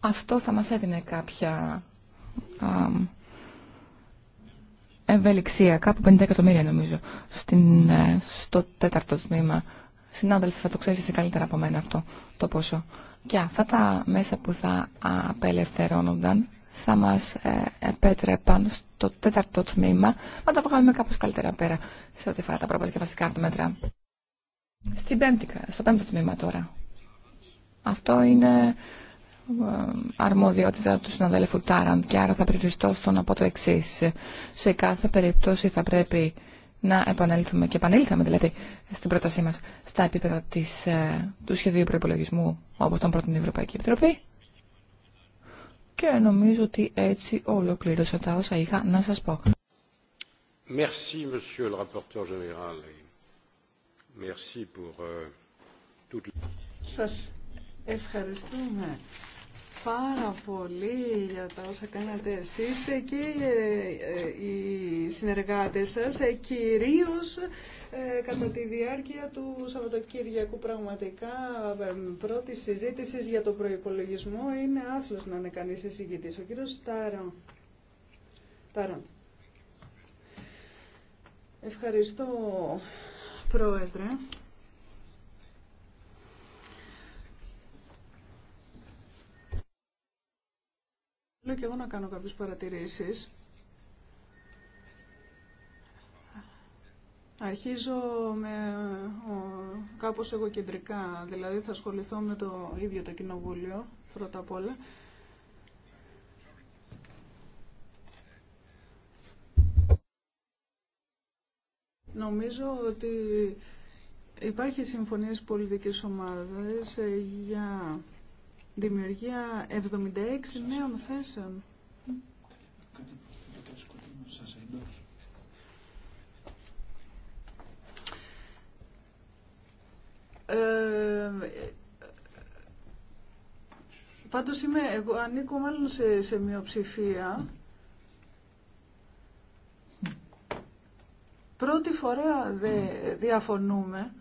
Αυτό θα μας έδινε κάποια ευελιξία, κάπου 50 εκατομμύρια νομίζω, στην, ε, στο τέταρτο τμήμα. Συνάδελφοι, θα το ξέρεις καλύτερα από μένα αυτό το πόσο. Και αυτά τα μέσα που θα απελευθερώνονταν θα μας ε, επέτρεπαν στο τέταρτο τμήμα να τα βγάλουμε κάπως καλύτερα πέρα σε ό,τι φορά τα τα μέτρα. Στην πέμπτη, στο πέμπτο τμήμα τώρα. Αυτό είναι ε, αρμοδιότητα του συναδέλφου Τάραντ και άρα θα περιοριστώ στο να πω το εξή. Σε κάθε περίπτωση θα πρέπει να επανέλθουμε και επανέλθαμε δηλαδή στην πρότασή μας στα επίπεδα της, ε, του σχεδίου προϋπολογισμού όπως τον πρώτον Ευρωπαϊκή Επιτροπή και νομίζω ότι έτσι ολοκλήρωσα τα όσα είχα να σας πω. Merci, monsieur le rapporteur général. Merci pour, euh, Σας ευχαριστούμε πάρα πολύ για τα όσα κάνατε εσείς και ε, οι συνεργάτες σας, ε, κυρίως ε, κατά τη διάρκεια του Σαββατοκύριακου πραγματικά πρώτη συζήτηση για τον προϋπολογισμό είναι άθλος να είναι κανείς εισηγητής. Ο κύριος Στάρον. Ευχαριστώ, Πρόεδρε. και εγώ να κάνω κάποιες παρατηρήσεις. Αρχίζω με ο, κάπως εγωκεντρικά, δηλαδή θα ασχοληθώ με το ίδιο το κοινοβούλιο πρώτα απ' όλα. Νομίζω ότι υπάρχει συμφωνία στις πολιτικές ομάδες ε, για δημιουργία 76 νέων θέσεων. Ε, πάντως είμαι, εγώ ανήκω μάλλον σε, σε μειοψηφία. Πρώτη φορά δε διαφωνούμε.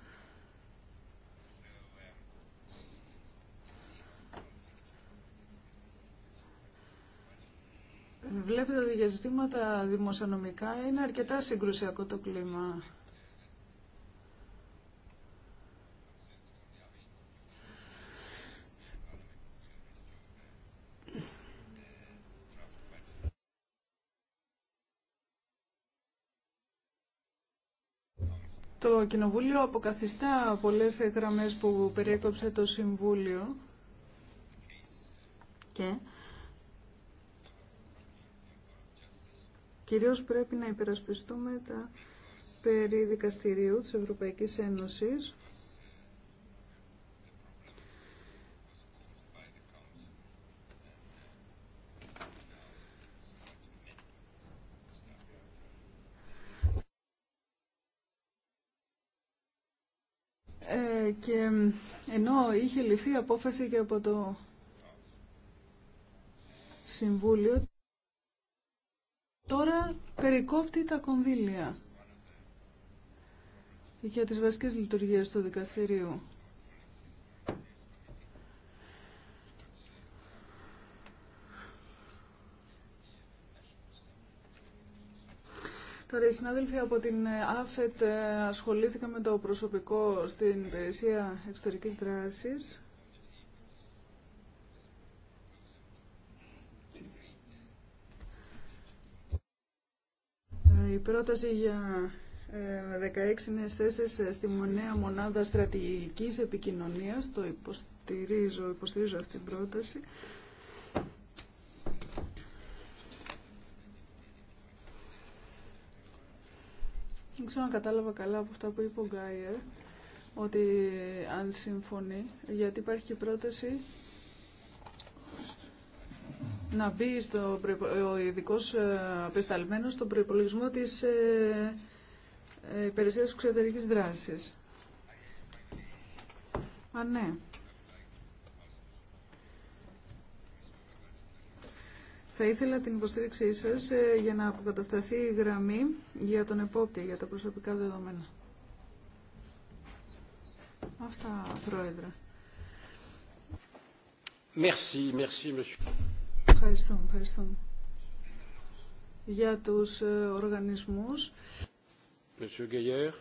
Βλέπετε ότι για ζητήματα δημοσιονομικά είναι αρκετά συγκρουσιακό το κλίμα. Το Κοινοβούλιο αποκαθιστά πολλές γραμμές που περιέκοψε το Συμβούλιο και Κυρίως πρέπει να υπερασπιστούμε τα περί δικαστηρίου της Ευρωπαϊκής Ένωσης ε, και ενώ είχε ληφθεί απόφαση και από το Συμβούλιο τώρα περικόπτει τα κονδύλια για τις βασικές λειτουργίες του δικαστηρίου. Τώρα οι συνάδελφοι από την ΑΦΕΤ ε, ασχολήθηκαν με το προσωπικό στην υπηρεσία εξωτερικής δράσης. Η πρόταση για 16 ε, νέες θέσεις ε, στη Μονέα Μονάδα Στρατηγικής Επικοινωνίας, το υποστηρίζω, υποστηρίζω αυτή την πρόταση. Δεν ξέρω αν κατάλαβα καλά από αυτά που είπε ο Γκάιερ, ότι αν συμφωνεί, γιατί υπάρχει και πρόταση να μπει στο, ο ειδικό ε, απεσταλμένος στον προϋπολογισμό της ε, ε, δράσης. Α, ναι. Θα ήθελα την υποστήριξή σας ε, για να αποκατασταθεί η γραμμή για τον επόπτη, για τα προσωπικά δεδομένα. Αυτά, Πρόεδρε. Merci, merci, monsieur. Ευχαριστούμε, ευχαριστούμε. Για τους ε, οργανισμούς. Monsieur Gaillard.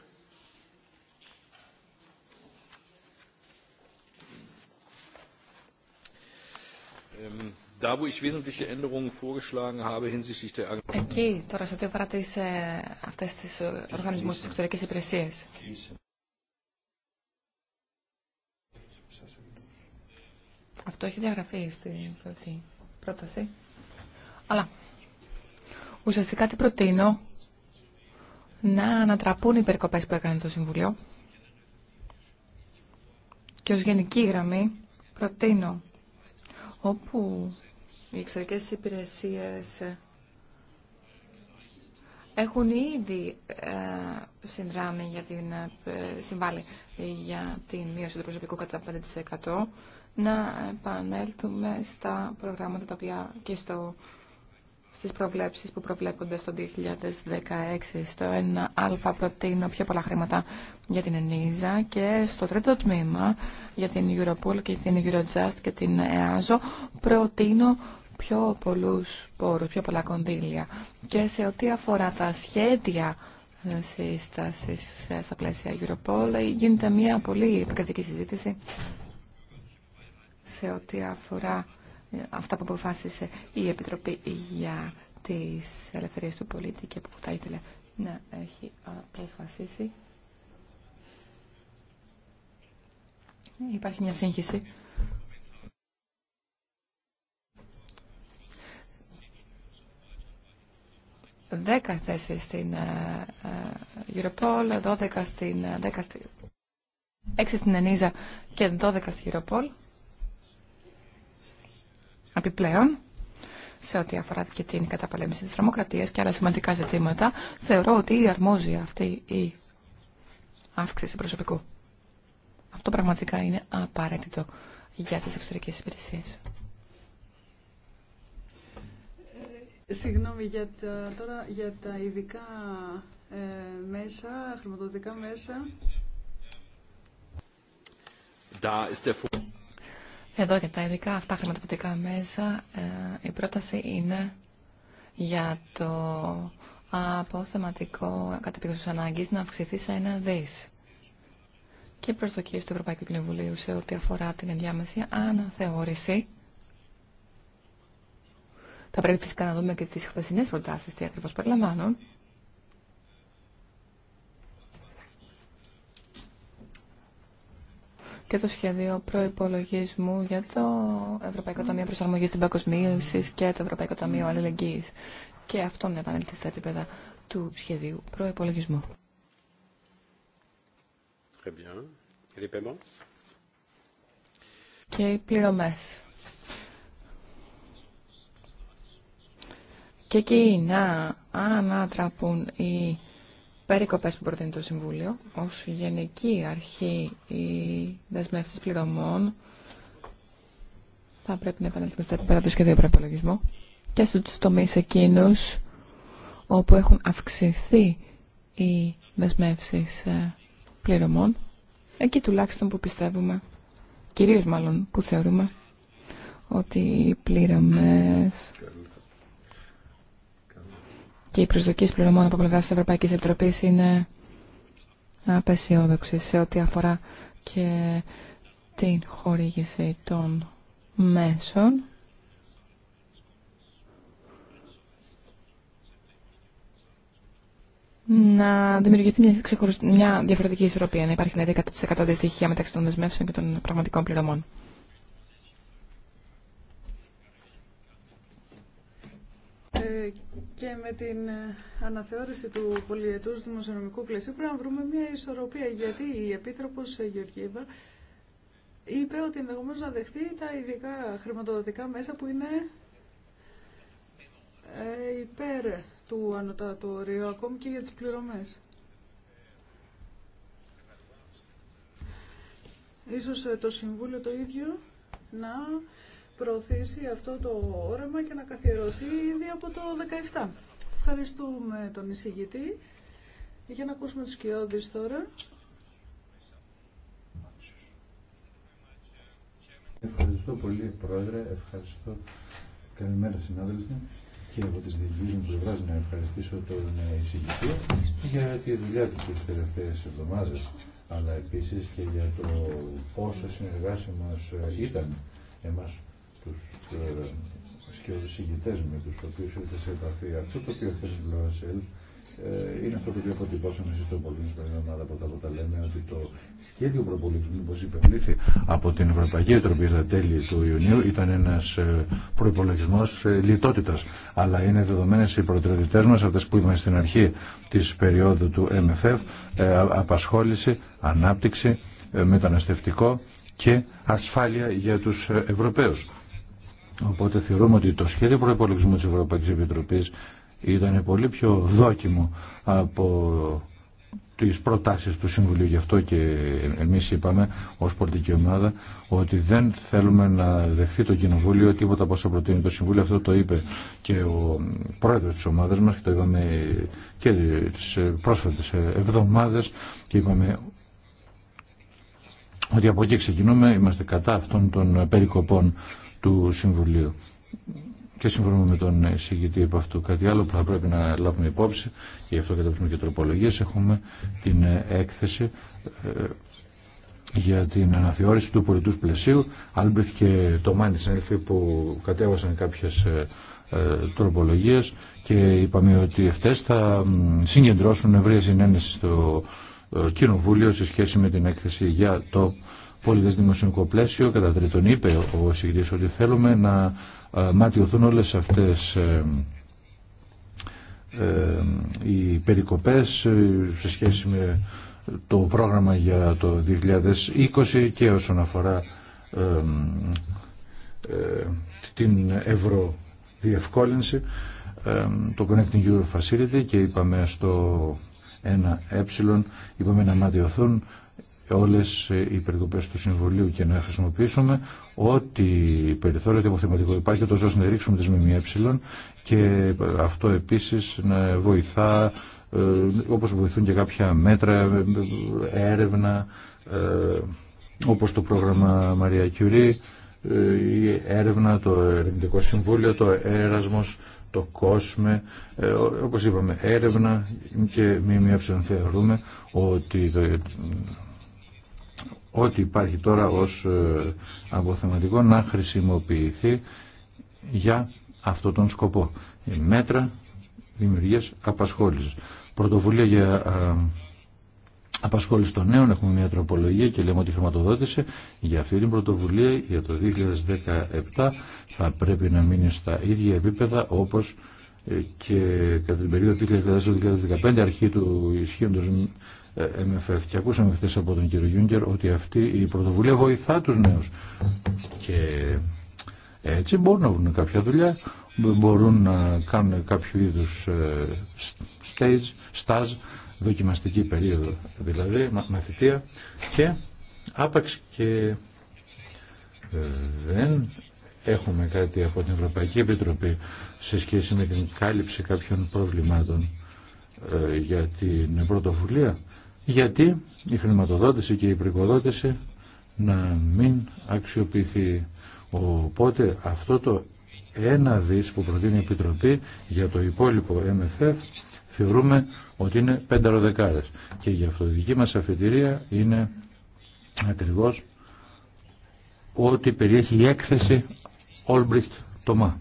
Εκεί, τώρα, σε ό,τι αφορά τις, ε, αυτές τις ε, οργανισμούς της εξωτερικής υπηρεσίας. Αυτό έχει διαγραφεί στην πρώτη πρόταση. Αλλά ουσιαστικά τι προτείνω να ανατραπούν οι περικοπές που έκανε το Συμβουλίο και ως γενική γραμμή προτείνω όπου οι εξωτερικές υπηρεσίες έχουν ήδη ε, συνδράμει για την, ε, συμβάλει για την μείωση του προσωπικού κατά 5% να επανέλθουμε στα προγράμματα τα και στο, στις προβλέψεις που προβλέπονται στο 2016. Στο 1α προτείνω πιο πολλά χρήματα για την ΕΝΙΖΑ και στο τρίτο τμήμα για την Europol και την Eurojust και την ΕΑΖΟ προτείνω πιο πολλούς πόρους, πιο πολλά κονδύλια. Και σε ό,τι αφορά τα σχέδια ε, συστάσεις ε, στα πλαίσια Europol ε, γίνεται μια πολύ επικρατική συζήτηση σε ό,τι αφορά ε, αυτά που αποφάσισε η Επιτροπή για τις ελευθερίες του πολίτη και που θα ήθελε να έχει αποφασίσει. Υπάρχει μια σύγχυση. Δέκα θέσει στην ε, ε, Europol, δώδεκα στην... Έξι στην Ενίζα και δώδεκα στην Europol. Επιπλέον, σε ό,τι αφορά και την καταπολέμηση της τρομοκρατίας και άλλα σημαντικά ζητήματα, θεωρώ ότι αρμόζει αυτή η αύξηση προσωπικού. Αυτό πραγματικά είναι απαραίτητο για τις εξωτερικές υπηρεσίες. Ε, συγγνώμη, για τα, τώρα για τα ειδικά ε, μέσα, χρηματοδοτικά μέσα. Εδώ και τα ειδικά αυτά χρηματοδοτικά μέσα ε, η πρόταση είναι για το αποθεματικό κατά ανάγκη ανάγκης να αυξηθεί σε ένα δί Και προσδοκίε του Ευρωπαϊκού Κοινοβουλίου σε ό,τι αφορά την ενδιάμεση αναθεώρηση. Θα πρέπει φυσικά να δούμε και τις χθεσινέ προτάσει τι ακριβώς περιλαμβάνουν. και το σχέδιο προπολογισμού για το Ευρωπαϊκό Ταμείο Προσαρμογής στην Παγκοσμίωση και το Ευρωπαϊκό Ταμείο Αλληλεγγύης. Και αυτό είναι επανέλθει στα επίπεδα του σχεδίου προϋπολογισμού. Και οι πληρωμέ. Και εκεί να ανατραπούν οι περικοπές που προτείνει το Συμβούλιο, ως γενική αρχή οι δεσμεύσεις πληρωμών θα πρέπει να επαναληφθούν στα επίπεδα του σχεδίου προπολογισμού και στους τομείς εκείνους όπου έχουν αυξηθεί οι δεσμεύσεις ε, πληρωμών, εκεί τουλάχιστον που πιστεύουμε, κυρίως μάλλον που θεωρούμε, ότι οι πλήρωμες και οι προσδοκίε πληρωμών από πλευρά τη Ευρωπαϊκή Επιτροπή είναι απεσιόδοξε σε ό,τι αφορά και την χορήγηση των μέσων. να δημιουργηθεί μια, μια διαφορετική ισορροπία, να υπάρχει δηλαδή 100% δυστυχία μεταξύ των δεσμεύσεων και των πραγματικών πληρωμών. και με την ε, αναθεώρηση του πολιετού δημοσιονομικού πλαισίου πρέπει να βρούμε μια ισορροπία γιατί η Επίτροπος ε, Γεωργίβα είπε ότι ενδεχομένω να δεχτεί τα ειδικά χρηματοδοτικά μέσα που είναι ε, υπέρ του ανωτάτου ορίου ακόμη και για τις πληρωμές. Ίσως το Συμβούλιο το ίδιο να προωθήσει αυτό το όραμα και να καθιερωθεί ήδη από το 2017. Ευχαριστούμε τον εισηγητή. Για να ακούσουμε τους κοιόδης τώρα. Ευχαριστώ πολύ, Πρόεδρε. Ευχαριστώ. Καλημέρα, συνάδελφοι. Και από τις δικές μου πλευράς να ευχαριστήσω τον ε, εισηγητή για τη δουλειά του τις τελευταίες εβδομάδες, αλλά επίσης και για το πόσο συνεργάσιμος ε, ήταν εμάς τους ε, σκιώδους με τους οποίους ήρθε σε επαφή. Αυτό το οποίο θέλει ο ΛΟΑΣΕΛ ε, είναι αυτό το οποίο αποτυπώσαμε εσείς στον πολιτισμό στην ομάδα από τα πρώτα λέμε ότι το σχέδιο προπολογισμού που υπευλήθη από την Ευρωπαϊκή Επιτροπή στα τέλη του Ιουνίου ήταν ένας ε, προϋπολογισμός λιτότητας αλλά είναι δεδομένες οι προτεραιότητές μας αυτές που είμαστε στην αρχή της περίοδου του MFF απασχόληση, ανάπτυξη, μεταναστευτικό και ασφάλεια για τους Ευρωπαίους. Οπότε θεωρούμε ότι το σχέδιο προπολογισμού της Ευρωπαϊκής Επιτροπής ήταν πολύ πιο δόκιμο από τις προτάσεις του Συμβουλίου. Γι' αυτό και εμείς είπαμε ως πολιτική ομάδα ότι δεν θέλουμε να δεχθεί το Κοινοβούλιο τίποτα από προτείνει το Συμβούλιο. Αυτό το είπε και ο πρόεδρος της ομάδας μας και το είπαμε και τις πρόσφατες εβδομάδες και είπαμε ότι από εκεί ξεκινούμε, είμαστε κατά αυτών των περικοπών του Συμβουλίου. Και συμφωνούμε με τον εισηγητή από αυτού. Κάτι άλλο που θα πρέπει να λάβουμε υπόψη, γι' αυτό καταπληκτούμε και τροπολογίες, έχουμε την έκθεση ε, για την αναθεώρηση του πολιτού πλαισίου. Άλμπριχ και το Μάνι συνέλφοι που κατέβασαν κάποιες ε, ε, τροπολογίες και είπαμε ότι αυτέ θα συγκεντρώσουν ευρεία συνένεση στο Κοινοβούλιο σε σχέση με την έκθεση για το πολιτές δημοσιονομικό πλαίσιο. Κατά τρίτον είπε ο συγκριτής ότι θέλουμε να ε, μάτιωθούν όλες αυτές ε, ε, οι περικοπές σε σχέση με το πρόγραμμα για το 2020 και όσον αφορά την ευρωδιευκόλυνση το Connecting Euro Facility και είπαμε στο 1 ε είπαμε να μάτιωθούν όλες οι περικοπές του Συμβουλίου και να χρησιμοποιήσουμε ό,τι περιθώριο και υπάρχει τόσο ώστε να ρίξουμε τις ΜΜΕ και αυτό επίσης να βοηθά ε, όπως βοηθούν και κάποια μέτρα, ε, ε, έρευνα όπως το πρόγραμμα Μαρία Κιουρί, η έρευνα, το Ερευνητικό Συμβούλιο, το Έρασμος, το κόσμε, όπως είπαμε έρευνα και μη μία θεωρούμε ότι ό,τι υπάρχει τώρα ως ε, αποθεματικό να χρησιμοποιηθεί για αυτό τον σκοπό. Μέτρα δημιουργίας απασχόλησης. Πρωτοβουλία για ε, απασχόληση των νέων έχουμε μια τροπολογία και λέμε ότι η χρηματοδότηση για αυτή την πρωτοβουλία για το 2017 θα πρέπει να μείνει στα ίδια επίπεδα όπως ε, και κατά την περίοδο 2014-2015 αρχή του ισχύοντος ε, MFF. Και ακούσαμε χθε από τον κύριο Γιούγκερ ότι αυτή η πρωτοβουλία βοηθά τους νέου. Και έτσι μπορούν να βρουν κάποια δουλειά, μπορούν να κάνουν κάποιο είδου ε, stage, stage, δοκιμαστική περίοδο, δηλαδή μαθητεία και άπαξ και ε, δεν έχουμε κάτι από την Ευρωπαϊκή Επιτροπή σε σχέση με την κάλυψη κάποιων προβλημάτων για την πρωτοβουλία γιατί η χρηματοδότηση και η πρικοδότηση να μην αξιοποιηθεί. Οπότε αυτό το ένα δις που προτείνει η Επιτροπή για το υπόλοιπο MFF θεωρούμε ότι είναι δεκάδες. Και γι' αυτό η δική μας αφετηρία είναι ακριβώς ό,τι περιέχει η έκθεση olbricht Τομά.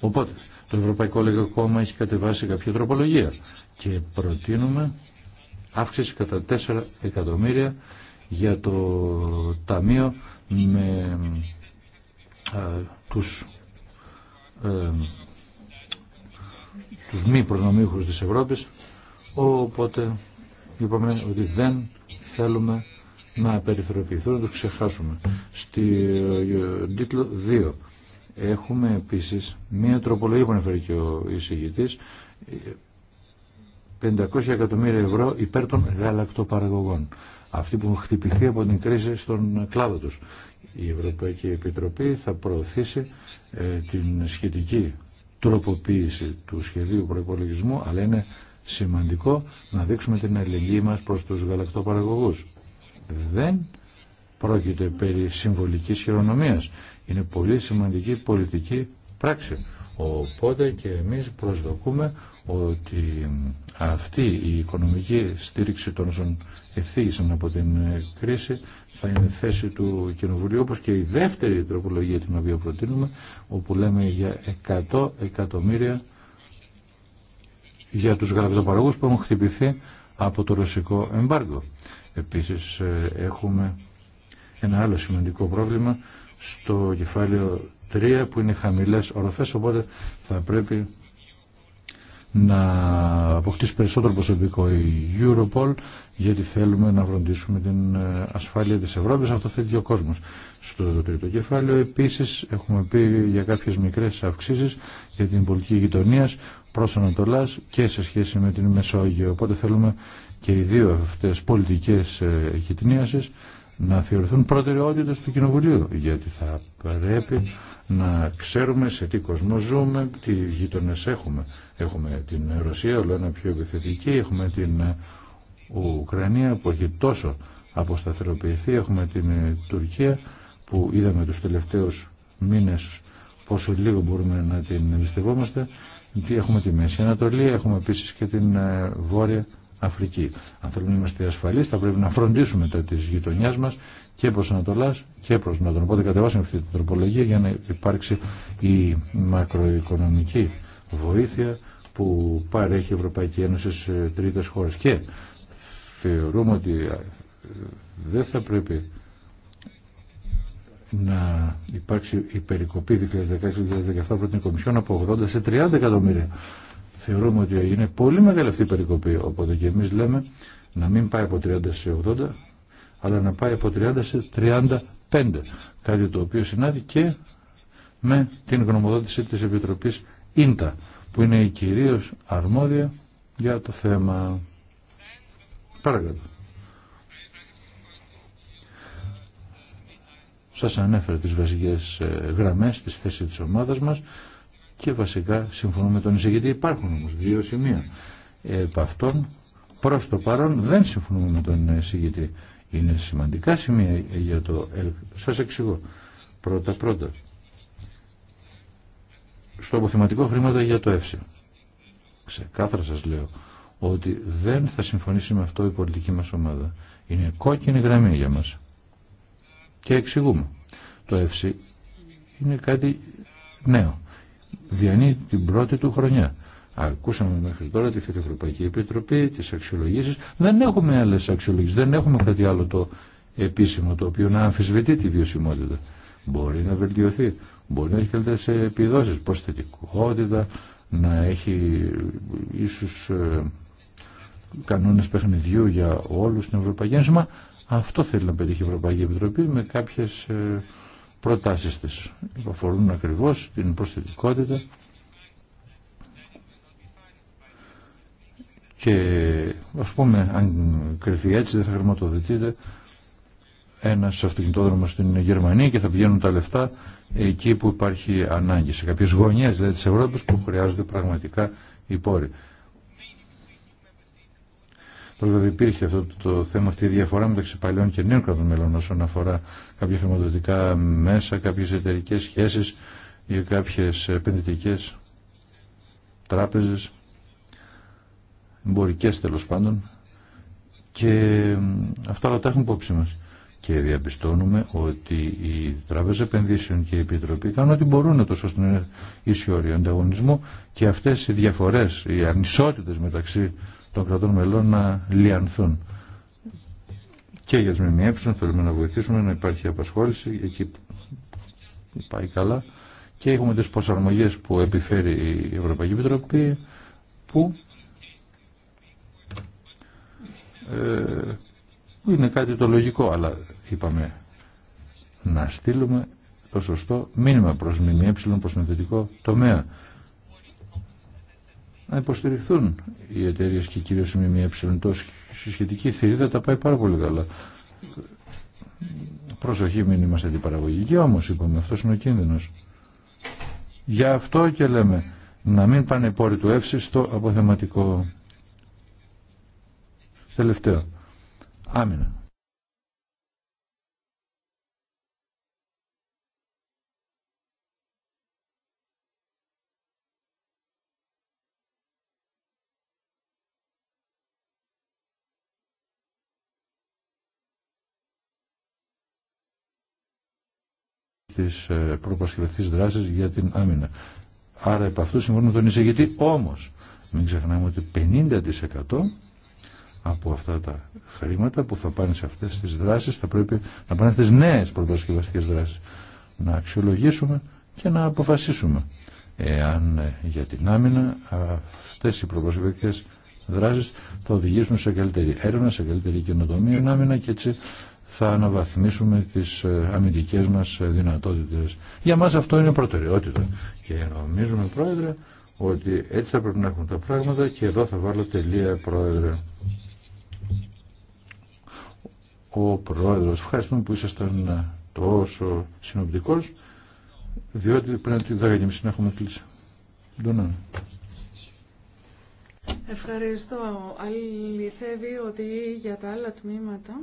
Οπότε, το Ευρωπαϊκό Λεγό Κόμμα έχει κατεβάσει κάποια τροπολογία και προτείνουμε αύξηση κατά 4 εκατομμύρια για το Ταμείο με α, τους, ε, τους μη προνομίχους της Ευρώπης οπότε είπαμε ότι δεν θέλουμε να περιθωριοποιηθούν, να το ξεχάσουμε. Στη ε, τίτλο 2 έχουμε επίσης μία τροπολογία που αναφέρει και ο εισηγητής 500 εκατομμύρια ευρώ υπέρ των γαλακτοπαραγωγών. Αυτοί που έχουν χτυπηθεί από την κρίση στον κλάδο τους. Η Ευρωπαϊκή Επιτροπή θα προωθήσει ε, την σχετική τροποποίηση του σχεδίου προϋπολογισμού, αλλά είναι σημαντικό να δείξουμε την αλληλεγγύη μας προς τους γαλακτοπαραγωγούς. Δεν πρόκειται περί συμβολικής χειρονομίας. Είναι πολύ σημαντική πολιτική πράξη. Οπότε και εμείς προσδοκούμε ότι αυτή η οικονομική στήριξη των όσων ευθύγησαν από την κρίση θα είναι θέση του Κοινοβουλίου όπως και η δεύτερη τροπολογία την οποία προτείνουμε όπου λέμε για 100 εκατομμύρια για τους γαλακτοπαραγούς που έχουν χτυπηθεί από το ρωσικό εμπάργκο. Επίσης ε, έχουμε ένα άλλο σημαντικό πρόβλημα στο κεφάλαιο τρία που είναι χαμηλές οροφές, οπότε θα πρέπει να αποκτήσει περισσότερο προσωπικό η Europol γιατί θέλουμε να βροντίσουμε την ε, ασφάλεια της Ευρώπης αυτό θέλει ο κόσμος στο τρίτο κεφάλαιο επίσης έχουμε πει για κάποιες μικρές αυξήσεις για την πολιτική γειτονία προς Ανατολάς και σε σχέση με την Μεσόγειο οπότε θέλουμε και οι δύο αυτές πολιτικές ε, γειτονίασεις να θεωρηθούν προτεραιότητες του Κοινοβουλίου γιατί θα πρέπει να ξέρουμε σε τι κόσμο ζούμε, τι γείτονε έχουμε. Έχουμε την Ρωσία, όλο ένα πιο επιθετική, έχουμε την Ουκρανία που έχει τόσο αποσταθεροποιηθεί, έχουμε την Τουρκία που είδαμε τους τελευταίους μήνες πόσο λίγο μπορούμε να την εμπιστευόμαστε, έχουμε τη Μέση Ανατολή, έχουμε επίσης και την ε, Βόρεια Αφρική. Αν θέλουμε να είμαστε ασφαλείς θα πρέπει να φροντίσουμε τα της γειτονιάς μας και προς Ανατολάς και προς Νότον. Οπότε κατεβάσαμε αυτή την τροπολογία για να υπάρξει η μακροοικονομική βοήθεια που παρέχει η Ευρωπαϊκή Ένωση σε τρίτες χώρες. Και θεωρούμε ότι ε, δεν θα πρέπει να υπάρξει η περικοπή 2016-2017 από την Κομισιόν από 80 σε 30 εκατομμύρια. Θεωρούμε ότι είναι πολύ μεγάλη αυτή η περικοπή, οπότε και εμείς λέμε να μην πάει από 30 σε 80, αλλά να πάει από 30 σε 35. Κάτι το οποίο συνάδει και με την γνωμοδότηση της Επιτροπής Ίντα, που είναι η κυρίως αρμόδια για το θέμα. Παρακαλώ. Σας ανέφερα τις βασικές ε, γραμμές, της θέση της ομάδας μας και βασικά συμφωνώ με τον εισηγητή. Υπάρχουν όμως δύο σημεία. Επ' αυτών προς το παρόν δεν συμφωνούμε με τον εισηγητή. Είναι σημαντικά σημεία για το ΕΛΚ. Σας εξηγώ. Πρώτα πρώτα. Στο αποθυματικό χρήματα για το ΕΦΣΙ. Ξεκάθαρα σας λέω ότι δεν θα συμφωνήσει με αυτό η πολιτική μας ομάδα. Είναι κόκκινη γραμμή για μας. Και εξηγούμε. Το ΕΦΣΙ είναι κάτι νέο. Διανύει την πρώτη του χρονιά. Ακούσαμε μέχρι τώρα τη Ευρωπαϊκή Επιτροπή, τι αξιολογήσει. Δεν έχουμε άλλε αξιολογήσει. δεν έχουμε κάτι άλλο το επίσημο το οποίο να αμφισβητεί τη βιωσιμότητα. Μπορεί να βελτιωθεί, μπορεί να έχει καλύτερες επιδόσει, προσθετικότητα, να έχει ίσως ε, κανόνε παιχνιδιού για όλου στην Ευρωπαϊκή Ένωση, μα αυτό θέλει να πετύχει η Ευρωπαϊκή Επιτροπή με κάποιε ε, προτάσεις της που αφορούν ακριβώς την προσθετικότητα Και ας πούμε, αν κρυθεί έτσι, δεν θα χρηματοδοτείται ένα αυτοκινητόδρομο στην Γερμανία και θα πηγαίνουν τα λεφτά εκεί που υπάρχει ανάγκη. Σε κάποιε γωνίες δηλαδή, τη Ευρώπη που χρειάζονται πραγματικά οι πόροι. Τώρα δηλαδή υπήρχε αυτό το θέμα, αυτή η διαφορά μεταξύ παλιών και νέων κρατών μελών όσον αφορά κάποια χρηματοδοτικά μέσα, κάποιες εταιρικές σχέσεις ή κάποιες επενδυτικές τράπεζες εμπορικέ τέλο πάντων και αυτά όλα τα έχουν υπόψη μα. Και διαπιστώνουμε ότι η Τράπεζα Επενδύσεων και η Επιτροπή κάνουν ό,τι μπορούν τόσο στον ίσιο όριο ανταγωνισμό και αυτέ οι διαφορέ, οι ανισότητε μεταξύ των κρατών μελών να λιανθούν. Και για τι ΜΜΕ θέλουμε να βοηθήσουμε να υπάρχει απασχόληση, εκεί πάει καλά. Και έχουμε τι προσαρμογέ που επιφέρει η Ευρωπαϊκή Επιτροπή που που ε, είναι κάτι το λογικό, αλλά είπαμε να στείλουμε το σωστό μήνυμα προς ΜΜΕ, προς θετικό τομέα. Να υποστηριχθούν οι εταιρείε και κυρίως οι ΜΜΕ. Το σχετική θηρίδα τα πάει πάρα πολύ καλά. Προσοχή μην είμαστε αντιπαραγωγικοί όμως είπαμε, αυτός είναι ο κίνδυνος. Γι' αυτό και λέμε να μην πάνε πόροι του εύσης στο αποθεματικό. Τελευταίο. Άμυνα. ...της ε, προπασχεδευτής δράσης για την άμυνα. Άρα επ' αυτού συμφωνούμε τον εισηγητή. Όμως, μην ξεχνάμε ότι 50% από αυτά τα χρήματα που θα πάνε σε αυτές τις δράσεις θα πρέπει να πάνε στις νέες πρωτοσκευαστικές δράσεις να αξιολογήσουμε και να αποφασίσουμε εάν ε, για την άμυνα αυτές οι πρωτοσκευαστικές δράσεις θα οδηγήσουν σε καλύτερη έρευνα, σε καλύτερη καινοτομία άμυνα και έτσι θα αναβαθμίσουμε τις ε, αμυντικές μας ε, δυνατότητες. Για μας αυτό είναι προτεραιότητα και νομίζουμε πρόεδρε ότι έτσι θα πρέπει να έχουν τα πράγματα και εδώ θα βάλω τελεία πρόεδρε. Ο Πρόεδρος, ευχαριστούμε που ήσασταν τόσο συνοπτικός, διότι πρέπει να τη δέκα να έχουμε κλείσει. Ευχαριστώ. Αληθεύει ότι για τα άλλα τμήματα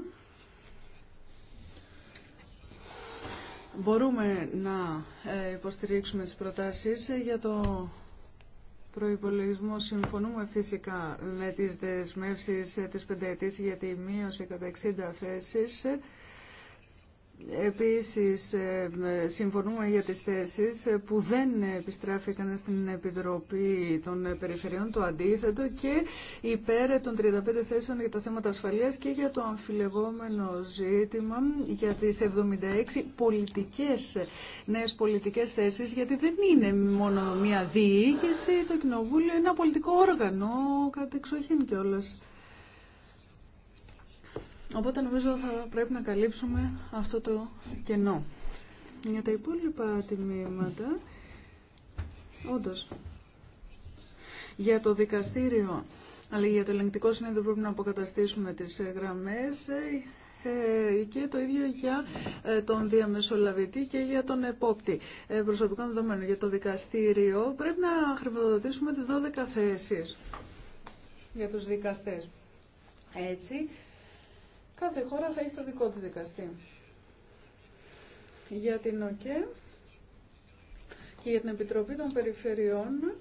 μπορούμε να ε, υποστηρίξουμε τις προτάσεις ε, για το προϋπολογισμό συμφωνούμε φυσικά με τις δεσμεύσεις ε, της πενταετής για τη μείωση κατά 60 θέσεις ε, Επίσης, ε, συμφωνούμε για τις θέσεις ε, που δεν επιστράφηκαν στην Επιτροπή των Περιφερειών, το αντίθετο, και υπέρ των 35 θέσεων για τα θέματα ασφαλείας και για το αμφιλεγόμενο ζήτημα για τις 76 πολιτικές, νέες πολιτικές θέσεις, γιατί δεν είναι μόνο μια διοίκηση, το Κοινοβούλιο είναι ένα πολιτικό όργανο, κατεξοχήν κιόλας. Οπότε νομίζω θα πρέπει να καλύψουμε αυτό το κενό. Για τα υπόλοιπα τιμήματα, Όντω. για το δικαστήριο, αλλά για το ελεγκτικό συνέδριο πρέπει να αποκαταστήσουμε τις γραμμές ε, ε, και το ίδιο για ε, τον διαμεσολαβητή και για τον επόπτη προσωπικών δεδομένων. Για το δικαστήριο πρέπει να χρηματοδοτήσουμε τις 12 θέσεις για τους δικαστές. Έτσι, Κάθε χώρα θα έχει το δικό της δικαστή. Για την ΟΚΕ και για την Επιτροπή των Περιφερειών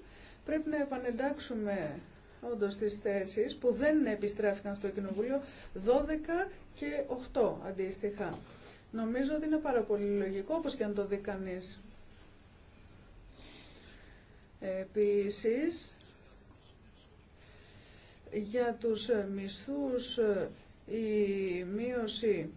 πρέπει να επανεντάξουμε όντω τι θέσει που δεν επιστρέφηκαν στο Κοινοβούλιο 12 και 8 αντίστοιχα. Νομίζω ότι είναι πάρα πολύ λογικό όπως και αν το δει κανεί. Επίσης, για τους μισθούς η μείωση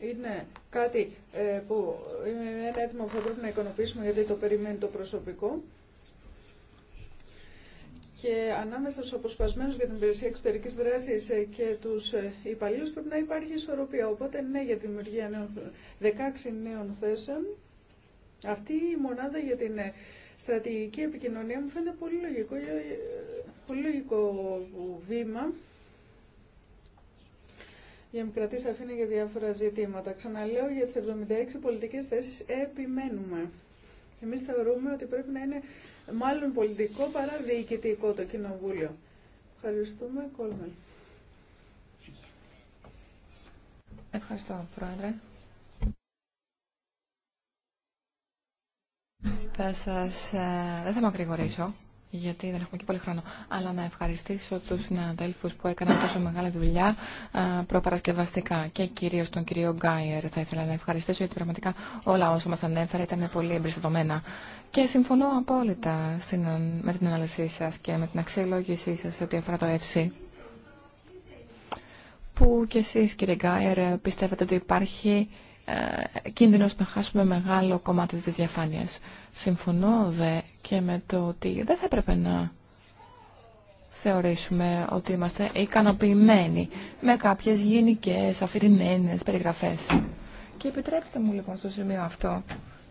είναι κάτι ε, που είναι ένα έτοιμο που θα πρέπει να ικανοποιήσουμε γιατί το περιμένει το προσωπικό. Και ανάμεσα στους αποσπασμένους για την υπηρεσία εξωτερικής δράσης ε, και τους ε, υπαλλήλου. πρέπει να υπάρχει ισορροπία. Οπότε ναι για τη δημιουργία νέων, 16 νέων θέσεων. Αυτή η μονάδα για την στρατηγική επικοινωνία μου φαίνεται πολύ λογικό, ε, πολύ λογικό βήμα για να κρατήσει αφήνει για διάφορα ζητήματα. Ξαναλέω, για τις 76 πολιτικές θέσεις επιμένουμε. Εμείς θεωρούμε ότι πρέπει να είναι μάλλον πολιτικό παρά διοικητικό το Κοινοβούλιο. Ευχαριστούμε, Κόλμελ. Ευχαριστώ, Πρόεδρε. Θα σας... Ε, δεν θα μακρηγορήσω, γιατί δεν έχουμε και πολύ χρόνο, αλλά να ευχαριστήσω τους συναδέλφους που έκαναν τόσο μεγάλη δουλειά ε, προπαρασκευαστικά και κυρίως τον κύριο Γκάιερ θα ήθελα να ευχαριστήσω γιατί πραγματικά όλα όσα μας ανέφερε ήταν πολύ εμπεριστατωμένα. Και συμφωνώ απόλυτα στην, με την ανάλυση σας και με την αξιολόγησή σας ό,τι αφορά το ΕΦΣΥ που κι εσείς κύριε Γκάιερ πιστεύετε ότι υπάρχει ε, κίνδυνος να χάσουμε μεγάλο κομμάτι της διαφάνειας. Συμφωνώ δε και με το ότι δεν θα έπρεπε να θεωρήσουμε ότι είμαστε ικανοποιημένοι με κάποιες γενικές αφηρημένες περιγραφές. Και επιτρέψτε μου λοιπόν στο σημείο αυτό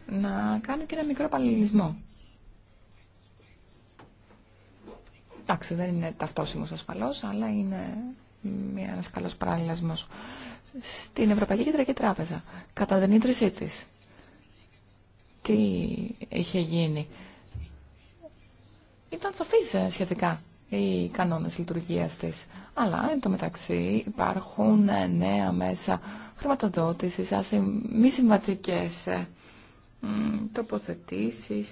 να κάνω και ένα μικρό παλληλισμό. Εντάξει, δεν είναι ταυτόσιμος ασφαλώς, αλλά είναι ένας καλός παραλληλισμός. Στην Ευρωπαϊκή Κεντρική Τράπεζα, κατά την ίδρυσή της, τι είχε γίνει. Ήταν σαφής ε, σχετικά οι κανόνες λειτουργίας της. Αλλά εν τω μεταξύ υπάρχουν ε, νέα μέσα χρηματοδότησης, ε, μη συμβατικές τοποθετήσεις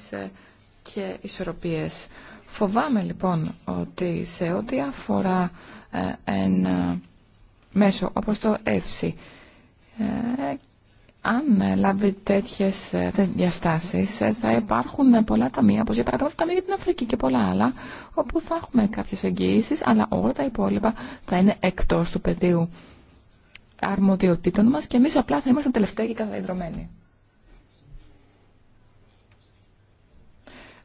και ισορροπίες. Φοβάμαι λοιπόν ότι σε ό,τι αφορά ένα μέσο όπως το ΕΦΣΥ αν λάβει τέτοιε ε, διαστάσει, ε, θα υπάρχουν πολλά ταμεία, όπω για παράδειγμα το Ταμείο για την Αφρική και πολλά άλλα, όπου θα έχουμε κάποιε εγγυήσει, αλλά όλα τα υπόλοιπα θα είναι εκτό του πεδίου αρμοδιοτήτων μα και εμεί απλά θα είμαστε τελευταίοι και καθαϊδρωμένοι.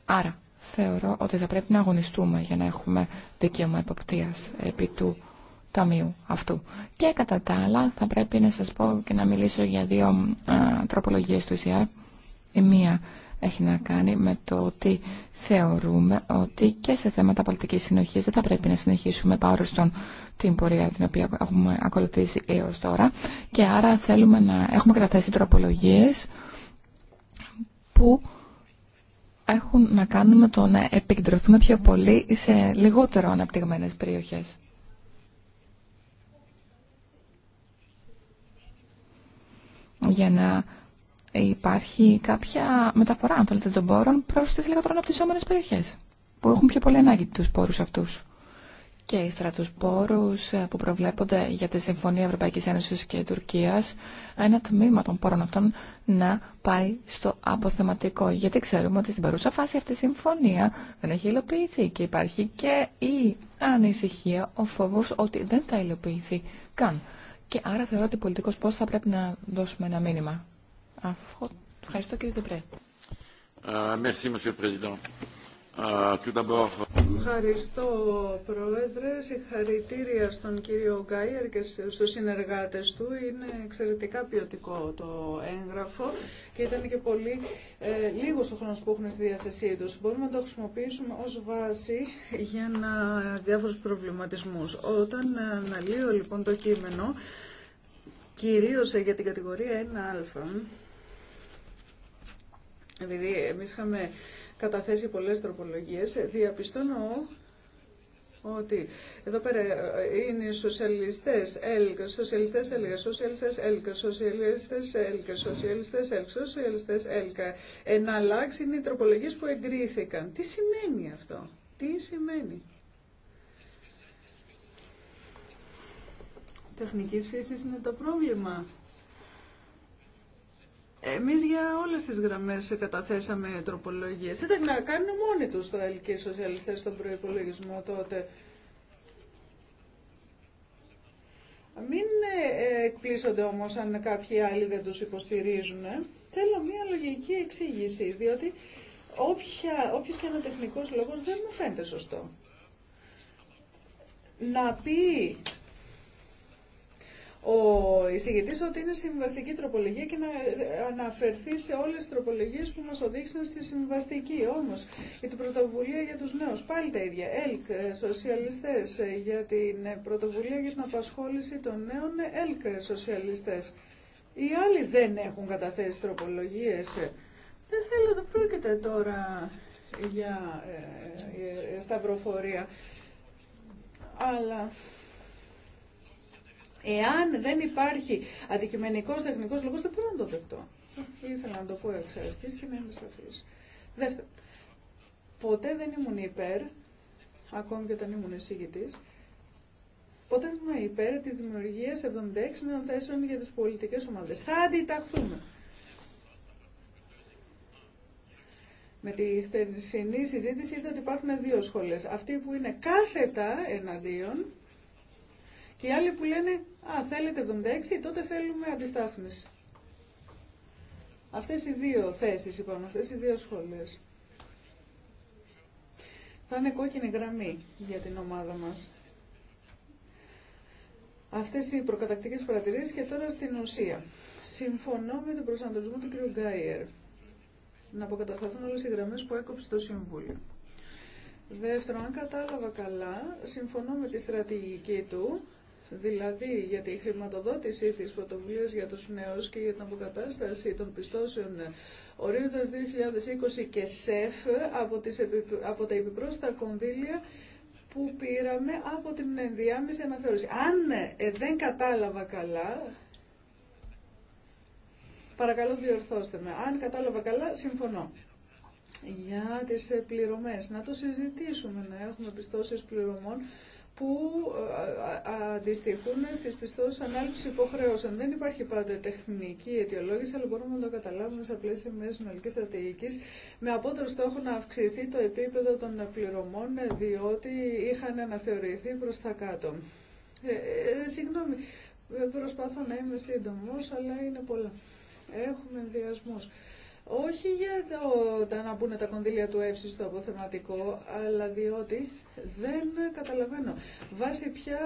Άρα, θεωρώ ότι θα πρέπει να αγωνιστούμε για να έχουμε δικαίωμα υποπτία επί του ταμείου αυτού. Και κατά τα άλλα θα πρέπει να σας πω και να μιλήσω για δύο α, τροπολογίες του ECR. Η μία έχει να κάνει με το ότι θεωρούμε ότι και σε θέματα πολιτικής συνοχής δεν θα πρέπει να συνεχίσουμε πάνω στον την πορεία την οποία έχουμε ακολουθήσει έως τώρα και άρα θέλουμε να έχουμε καταθέσει τροπολογίες που έχουν να κάνουν με το να επικεντρωθούμε πιο πολύ σε λιγότερο αναπτυγμένες περιοχές. για να υπάρχει κάποια μεταφορά, αν θέλετε, των πόρων προς τις λιγότερο αναπτυσσόμενες περιοχές που έχουν πιο πολύ ανάγκη τους πόρους αυτούς. Και ύστερα τους πόρους ε, που προβλέπονται για τη Συμφωνία Ευρωπαϊκής Ένωσης και Τουρκίας, ένα τμήμα των πόρων αυτών να πάει στο αποθεματικό. Γιατί ξέρουμε ότι στην παρούσα φάση αυτή η συμφωνία δεν έχει υλοποιηθεί και υπάρχει και η ανησυχία, ο φόβος ότι δεν θα υλοποιηθεί καν. Και άρα θεωρώ ότι πολιτικός πώ θα πρέπει να δώσουμε ένα μήνυμα. Ευχαριστώ κύριε Τεπρέ. Ευχαριστώ Πρόεδρε, συγχαρητήρια στον κύριο Γκάιερ και στους συνεργάτες του. Είναι εξαιρετικά ποιοτικό το έγγραφο και ήταν και πολύ ε, λίγος ο χρόνος που έχουν στη διάθεσή τους. Μπορούμε να το χρησιμοποιήσουμε ως βάση για να διάφορους προβληματισμούς. Όταν αναλύω λοιπόν το κείμενο, κυρίως για την κατηγορία 1α, επειδή εμείς είχαμε καταθέσει πολλές τροπολογίες. Διαπιστώνω ότι εδώ πέρα ε, είναι οι σοσιαλιστές, έλκα, σοσιαλιστές, έλκα, σοσιαλιστές, έλκα, σοσιαλιστές, έλκα, σοσιαλιστές, έλκα, σοσιαλιστές, έλκα. είναι οι τροπολογίες που εγκρίθηκαν. Τι σημαίνει αυτό, τι σημαίνει. Τεχνικής φύσης είναι το πρόβλημα. Εμεί για όλες τις γραμμές καταθέσαμε τροπολογίε. Ήταν να κάνουν μόνοι τους το ΕΛ σοσιαλιστές στον προϋπολογισμό τότε. Μην ε, εκπλήσονται όμως αν κάποιοι άλλοι δεν τους υποστηρίζουν. Ε. Θέλω μια λογική εξήγηση, διότι όποιο και ένα τεχνικός λόγος δεν μου φαίνεται σωστό. Να πει ο εισηγητής ότι είναι συμβαστική τροπολογία και να αναφερθεί σε όλες τις τροπολογίες που μας οδήγησαν στη συμβαστική. Όμως, η πρωτοβουλία για τους νέους, πάλι τα ίδια. ΕΛΚ, ε, σοσιαλιστές, ε, για την ε, πρωτοβουλία για την απασχόληση των νέων, ΕΛΚ, σοσιαλιστές. Οι άλλοι δεν έχουν καταθέσει τροπολογίες. Δεν θέλω, δεν πρόκειται τώρα για ε, ε, σταυροφορία. Αλλά Εάν δεν υπάρχει αντικειμενικό τεχνικό λόγο δεν μπορώ να το δεχτώ. Ήθελα να το πω εξ αρχή και να είμαι σαφή. Δεύτερον, ποτέ δεν ήμουν υπέρ, ακόμη και όταν ήμουν εισηγητή, ποτέ δεν ήμουν υπέρ τη δημιουργία 76 νέων θέσεων για τι πολιτικέ ομάδε. Θα αντιταχθούμε. Με τη χτενισινή συζήτηση είδα ότι υπάρχουν δύο σχολές. Αυτή που είναι κάθετα εναντίον και άλλοι που λένε, α, θέλετε 76, τότε θέλουμε αντιστάθμιση. Αυτές οι δύο θέσεις είπαμε, αυτές οι δύο σχολές. Θα είναι κόκκινη γραμμή για την ομάδα μας. Αυτές οι προκατακτικές παρατηρήσεις και τώρα στην ουσία. Συμφωνώ με τον προσανατολισμό του κ. Γκάιερ. Να αποκατασταθούν όλες οι γραμμές που έκοψε το Συμβούλιο. Δεύτερον, αν κατάλαβα καλά, συμφωνώ με τη στρατηγική του Δηλαδή για τη χρηματοδότηση της πρωτοβουλία για τους νέους και για την αποκατάσταση των πιστώσεων ορίζοντας 2020 και ΣΕΦ από, τις, από τα επιπρόσθετα κονδύλια που πήραμε από την ενδιάμεση αναθεώρηση. Αν ε, δεν κατάλαβα καλά, παρακαλώ διορθώστε με. Αν κατάλαβα καλά, συμφωνώ. Για τις ε, πληρωμές, να το συζητήσουμε, να έχουμε πιστώσεις πληρωμών που ε, ε, ε, αντιστοιχούν στις πιστώσεις ανάληψης υποχρεώσεων. Δεν υπάρχει πάντα τεχνική αιτιολόγηση, αλλά μπορούμε να το καταλάβουμε σε πλαίσια μια συνολική στρατηγικής με απότερο στόχο να αυξηθεί το επίπεδο των πληρωμών, διότι είχαν αναθεωρηθεί προς τα κάτω. συγγνώμη, προσπαθώ να είμαι σύντομος, αλλά είναι πολλά. Έχουμε ενδιασμούς. Όχι για το, τα να μπουν τα κονδύλια του ΕΦΣΙ στο αποθεματικό, αλλά διότι δεν καταλαβαίνω. Βάσει ποια,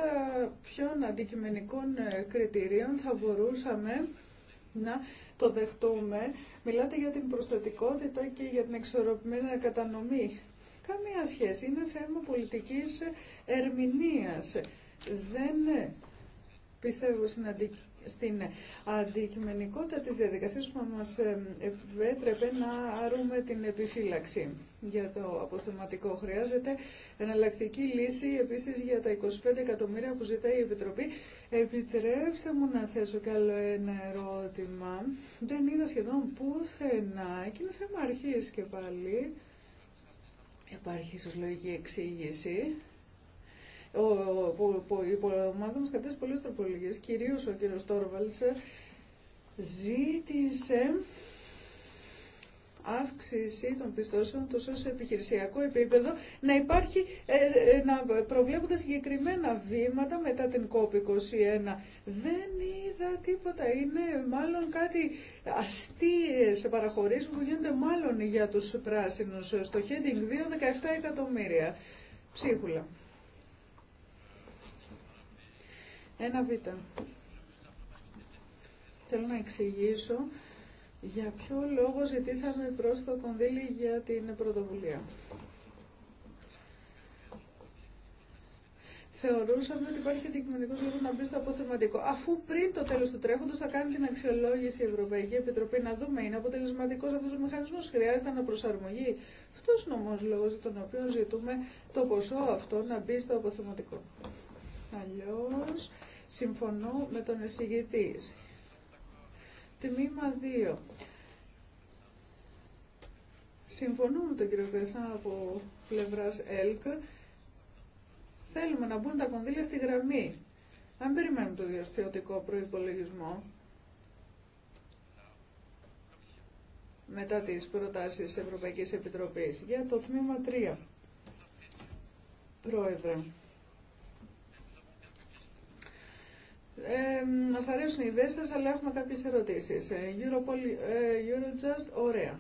ποιων αντικειμενικών ε, κριτηρίων θα μπορούσαμε να το δεχτούμε. Μιλάτε για την προστατικότητα και για την εξορροπημένη κατανομή. Καμία σχέση. Είναι θέμα πολιτικής ερμηνείας. Δεν πιστεύω στην αντικειμενική στην αντικειμενικότητα της διαδικασίας που μας ε, επέτρεπε να άρουμε την επιφύλαξη για το αποθεματικό. Χρειάζεται εναλλακτική λύση επίσης για τα 25 εκατομμύρια που ζητάει η Επιτροπή. Επιτρέψτε μου να θέσω κι άλλο ένα ερώτημα. Δεν είδα σχεδόν πουθενά εκείνο είναι θέμα αρχής και πάλι. Υπάρχει ίσως λογική εξήγηση ο, η ομάδα μας κατέστησε πολλές τροπολογίες, κυρίως ο κύριος Τόρβαλς ζήτησε αύξηση των πιστώσεων τόσο σε επιχειρησιακό επίπεδο να υπάρχει, ε, ε να προβλέπονται συγκεκριμένα βήματα μετά την COP21. Δεν είδα τίποτα. Είναι μάλλον κάτι αστείες παραχωρήσεις που γίνονται μάλλον για τους πράσινους. Στο heading 2, 17 εκατομμύρια. Ψίχουλα. Ένα β. Θέλω να εξηγήσω για ποιο λόγο ζητήσαμε προς το κονδύλι για την πρωτοβουλία. Θεωρούσαμε ότι υπάρχει αντικειμενικό λόγο να μπει στο αποθεματικό. Αφού πριν το τέλο του τρέχοντο θα κάνει την αξιολόγηση η Ευρωπαϊκή Επιτροπή να δούμε είναι αποτελεσματικό αυτό ο μηχανισμό, χρειάζεται αναπροσαρμογή. Αυτό είναι όμω λόγο για τον οποίο ζητούμε το ποσό αυτό να μπει στο αποθεματικό. Αλλιώ Συμφωνώ με τον εισηγητή. Τμήμα 2. Συμφωνώ με τον κύριο Κρεσά από πλευράς ΕΛΚ. Θέλουμε να μπουν τα κονδύλια στη γραμμή. Αν περιμένουμε το διαστηματικό προϋπολογισμό, μετά τις προτάσεις της Ευρωπαϊκής Επιτροπής για το τμήμα 3. Πρόεδρε, Ε, Μα αρέσουν οι ιδέε σα, αλλά έχουμε κάποιες ερωτήσεις. Ε, ε, Eurojust, ωραία.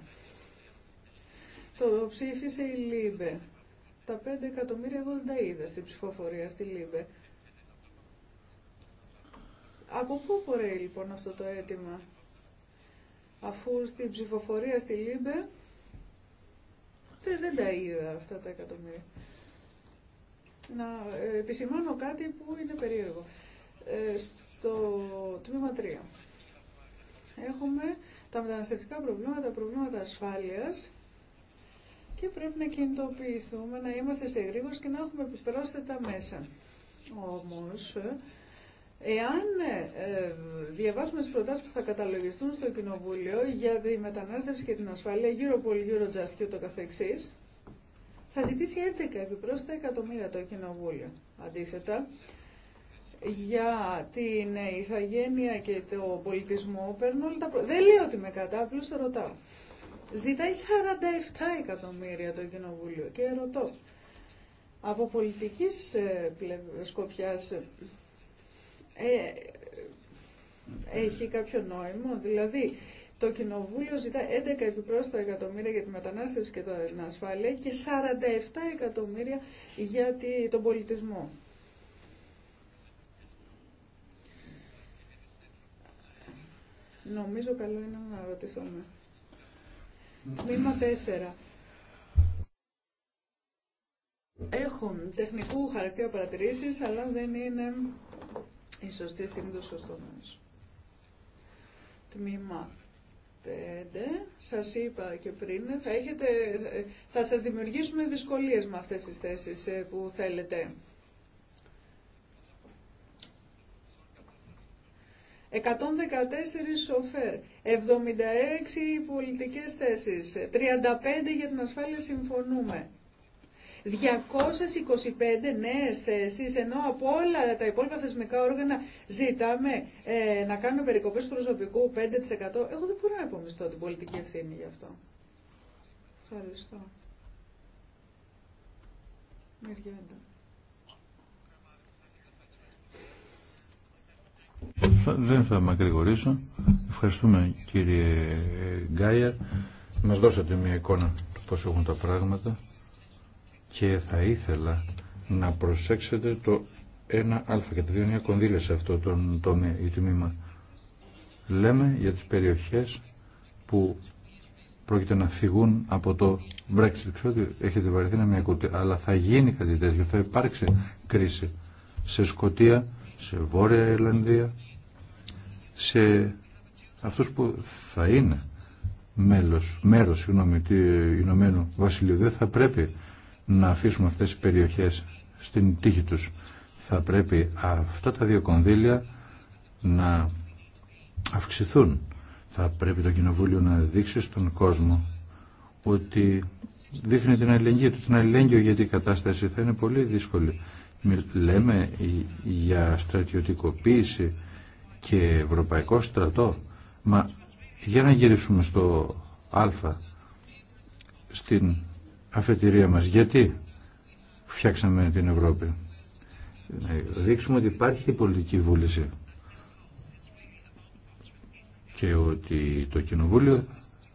Το ψήφισε η Λίμπε. Τα 5 εκατομμύρια εγώ δεν τα είδα στην ψηφοφορία στη Λίμπε. Από πού μπορεί λοιπόν αυτό το αίτημα, αφού στην ψηφοφορία στη Λίμπε δεν τα είδα αυτά τα εκατομμύρια. Να ε, επισημάνω κάτι που είναι περίεργο. Ε, στο τμήμα 3 έχουμε τα μεταναστευτικά προβλήματα, τα προβλήματα ασφάλειας και πρέπει να κινητοποιηθούμε, να είμαστε σε γρήγορος και να έχουμε επιπρόσθετα μέσα. Όμως, εάν ε, διαβάσουμε τις προτάσεις που θα καταλογιστούν στο Κοινοβούλιο για τη μετανάστευση και την ασφάλεια, Europol, Eurojust και ούτω καθεξής, θα ζητήσει 11 επιπρόσθετα εκατομμύρια το Κοινοβούλιο. Αντίθετα, για την ηθαγένεια και τον πολιτισμό παίρνω όλα τα Δεν λέω ότι με κατά, απλώς ρωτάω. Ζητάει 47 εκατομμύρια το Κοινοβούλιο και ρωτώ. Από πολιτικής ε, σκοπιάς ε, ε, έχει κάποιο νόημα, δηλαδή το Κοινοβούλιο ζητά 11 επιπρόσθετα εκατομμύρια για τη μετανάστευση και την ασφάλεια και 47 εκατομμύρια για τον πολιτισμό. Νομίζω καλό είναι να ρωτηθούμε. Τμήμα 4. Έχω τεχνικού χαρακτήρα παρατηρήσει αλλά δεν είναι η σωστή στιγμή του σωστό Τμήμα 5. Σας είπα και πριν, θα, έχετε, θα σας δημιουργήσουμε δυσκολίες με αυτές τις θέσεις ε, που θέλετε. 114 σοφέρ, 76 πολιτικές θέσεις, 35 για την ασφάλεια συμφωνούμε. 225 νέες θέσεις, ενώ από όλα τα υπόλοιπα θεσμικά όργανα ζητάμε ε, να κάνουμε περικοπές προσωπικού 5%. Εγώ δεν μπορώ να υπομιστώ την πολιτική ευθύνη γι' αυτό. Ευχαριστώ. Μεριέντα. Δεν θα ακρηγορήσω. Ευχαριστούμε κύριε Γκάιερ. Μας δώσατε μια εικόνα του πώς έχουν τα πράγματα και θα ήθελα να προσέξετε το ένα α και τα 2 κονδύλια σε αυτό το τομέα τμήμα. Λέμε για τις περιοχές που πρόκειται να φυγούν από το Brexit. Ξέρω ότι έχετε βαρεθεί να μην ακούτε, αλλά θα γίνει κάτι τέτοιο, θα υπάρξει κρίση. Σε Σκοτία σε Βόρεια Ιρλανδία, σε αυτούς που θα είναι μέλος, μέρος συγγνώμη, του Ηνωμένου Βασιλείου. Δεν θα πρέπει να αφήσουμε αυτές τις περιοχές στην τύχη τους. Θα πρέπει αυτά τα δύο κονδύλια να αυξηθούν. Θα πρέπει το Κοινοβούλιο να δείξει στον κόσμο ότι δείχνει την αλληλεγγύη του, την αλληλεγγύη γιατί η κατάσταση θα είναι πολύ δύσκολη Λέμε για στρατιωτικοποίηση και ευρωπαϊκό στρατό. Μα για να γυρίσουμε στο α, στην αφετηρία μας. Γιατί φτιάξαμε την Ευρώπη. Να δείξουμε ότι υπάρχει πολιτική βούληση και ότι το Κοινοβούλιο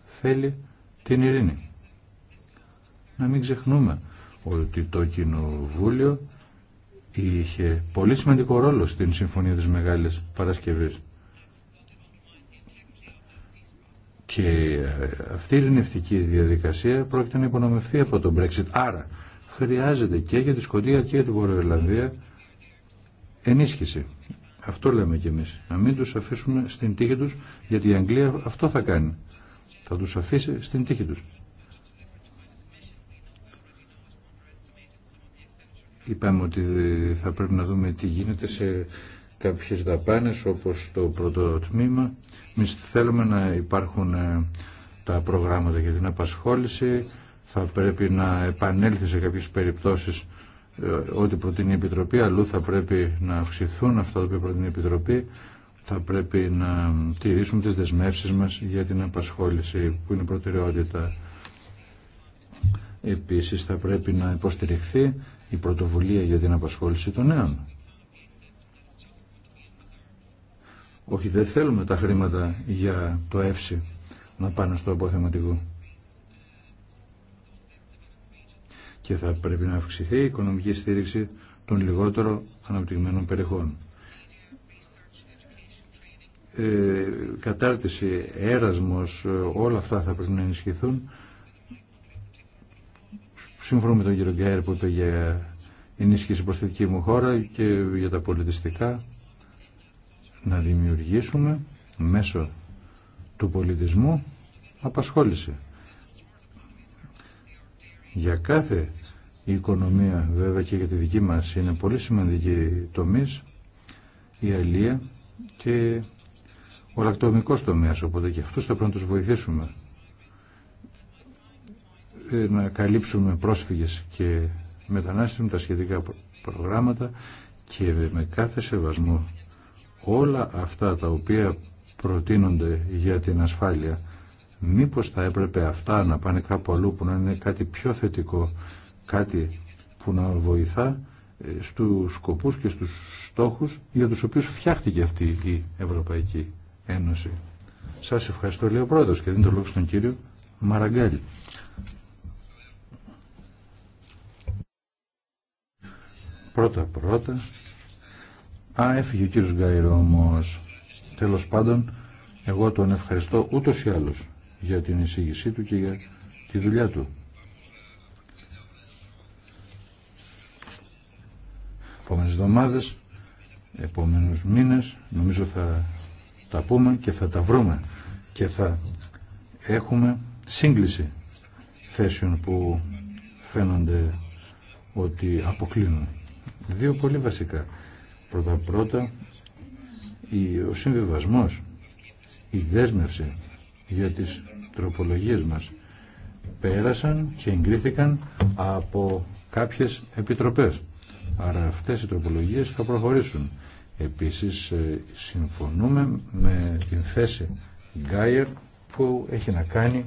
θέλει την ειρήνη. Να μην ξεχνούμε ότι το Κοινοβούλιο είχε πολύ σημαντικό ρόλο στην Συμφωνία της Μεγάλης Παρασκευής. Και ε, αυτή η ειρηνευτική διαδικασία πρόκειται να υπονομευθεί από τον Brexit. Άρα χρειάζεται και για τη Σκοτία και για την Βορειοελλανδία ενίσχυση. Αυτό λέμε κι εμείς. Να μην τους αφήσουμε στην τύχη τους, γιατί η Αγγλία αυτό θα κάνει. Θα τους αφήσει στην τύχη τους. Είπαμε ότι θα πρέπει να δούμε τι γίνεται σε κάποιες δαπάνες όπως το πρώτο τμήμα. Εμεί θέλουμε να υπάρχουν ε, τα προγράμματα για την απασχόληση, θα πρέπει να επανέλθει σε κάποιες περιπτώσεις ε, ό,τι προτείνει η Επιτροπή, αλλού θα πρέπει να αυξηθούν αυτά που προτείνει η Επιτροπή, θα πρέπει να τηρήσουμε τις δεσμεύσεις μας για την απασχόληση που είναι προτεραιότητα. Επίσης θα πρέπει να υποστηριχθεί η πρωτοβουλία για την απασχόληση των νέων. Όχι, δεν θέλουμε τα χρήματα για το ΕΦΣΙ να πάνε στο αποθεματικό. Και θα πρέπει να αυξηθεί η οικονομική στήριξη των λιγότερο αναπτυγμένων περιοχών. Ε, κατάρτιση, έρασμος, όλα αυτά θα πρέπει να ενισχυθούν Συμφωνώ με τον κύριο Γκάιρ που είπε για ενίσχυση προς τη δική μου χώρα και για τα πολιτιστικά να δημιουργήσουμε μέσω του πολιτισμού απασχόληση. Για κάθε οικονομία βέβαια και για τη δική μας είναι πολύ σημαντική τομής η αλία και ο λακτομικός τομέας οπότε και αυτούς θα πρέπει να τους βοηθήσουμε. Ε, να καλύψουμε πρόσφυγες και μετανάστες με τα σχετικά προγράμματα και με κάθε σεβασμό όλα αυτά τα οποία προτείνονται για την ασφάλεια μήπως θα έπρεπε αυτά να πάνε κάπου αλλού που να είναι κάτι πιο θετικό κάτι που να βοηθά ε, στους σκοπούς και στους στόχους για τους οποίους φτιάχτηκε αυτή η Ευρωπαϊκή Ένωση. Σας ευχαριστώ λέει ο Πρόεδρος και δίνω το λόγο στον κύριο Μαραγκάλη. Πρώτα πρώτα. Α, έφυγε ο κύριος Γκάιρο όμως. Τέλος πάντων, εγώ τον ευχαριστώ ούτως ή άλλως για την εισήγησή του και για τη δουλειά του. Επόμενες εβδομάδες, επόμενους μήνες, νομίζω θα τα πούμε και θα τα βρούμε και θα έχουμε σύγκληση θέσεων που φαίνονται ότι αποκλίνουν. Δύο πολύ βασικά. Πρώτα πρώτα ο συμβιβασμός, η δέσμευση για τις τροπολογίες μας πέρασαν και εγκρίθηκαν από κάποιες επιτροπές. Άρα αυτές οι τροπολογίες θα προχωρήσουν. Επίσης ε, συμφωνούμε με την θέση Γκάιερ που έχει να κάνει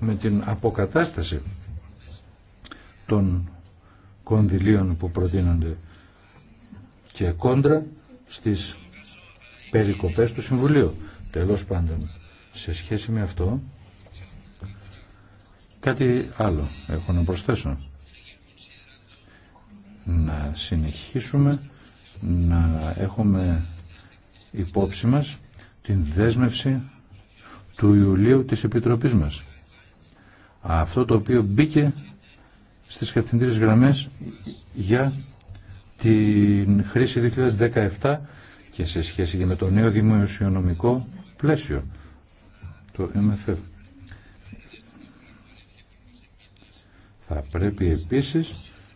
με την αποκατάσταση των κονδυλίων που προτείνονται και κόντρα στις περικοπές του Συμβουλίου. Τέλος πάντων, σε σχέση με αυτό, κάτι άλλο έχω να προσθέσω. Να συνεχίσουμε να έχουμε υπόψη μας την δέσμευση του Ιουλίου της Επιτροπής μας. Αυτό το οποίο μπήκε στις κατευθυντήρες γραμμές για την χρήση 2017 και σε σχέση με το νέο δημοσιονομικό πλαίσιο, το MFF. Θα πρέπει επίσης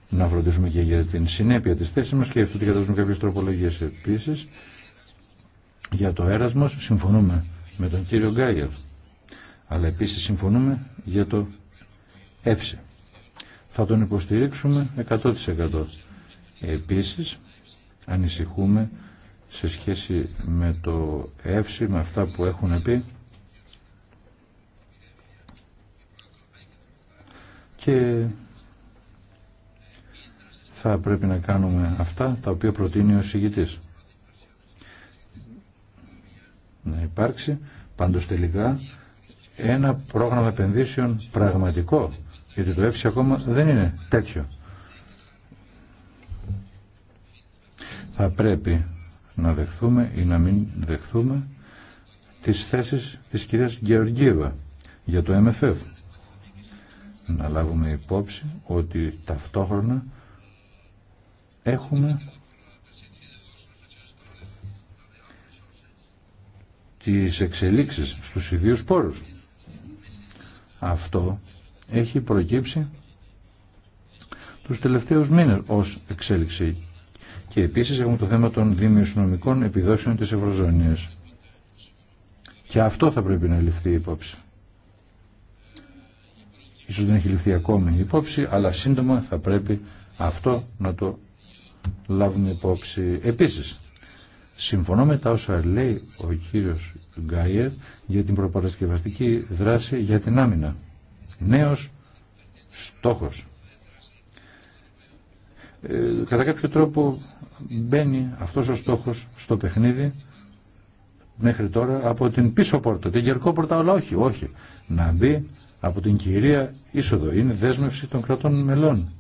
να φροντίσουμε και για την συνέπεια της θέσης μας και αυτό ότι καταδώσουμε κάποιες τροπολογίες επίσης για το έρασμος συμφωνούμε με τον κύριο Γκάγερ αλλά επίσης συμφωνούμε για το ΕΦΣΕ θα τον υποστηρίξουμε 100%. Επίσης, ανησυχούμε σε σχέση με το εύση, με αυτά που έχουν πει και θα πρέπει να κάνουμε αυτά τα οποία προτείνει ο συγητής. Να υπάρξει πάντως τελικά ένα πρόγραμμα επενδύσεων πραγματικό γιατί το έψη ακόμα δεν είναι τέτοιο. Θα πρέπει να δεχθούμε ή να μην δεχθούμε τις θέσεις της κυρίας Γεωργίβα για το MFF. Να λάβουμε υπόψη ότι ταυτόχρονα έχουμε τις εξελίξεις στους ιδίους πόρους. Αυτό έχει προκύψει τους τελευταίους μήνες ως εξέλιξη. Και επίσης έχουμε το θέμα των δημιουργικών επιδόσεων της ευρωζώνης Και αυτό θα πρέπει να ληφθεί υπόψη. Ίσως δεν έχει ληφθεί ακόμη υπόψη, αλλά σύντομα θα πρέπει αυτό να το λάβουμε υπόψη. Επίσης, συμφωνώ με τα όσα λέει ο κύριος Γκάιερ για την προπαρασκευαστική δράση για την άμυνα νέος στόχος. Ε, κατά κάποιο τρόπο μπαίνει αυτός ο στόχος στο παιχνίδι μέχρι τώρα από την πίσω πόρτα, την γερκό πόρτα, αλλά όχι, όχι. Να μπει από την κυρία είσοδο. Είναι δέσμευση των κρατών μελών.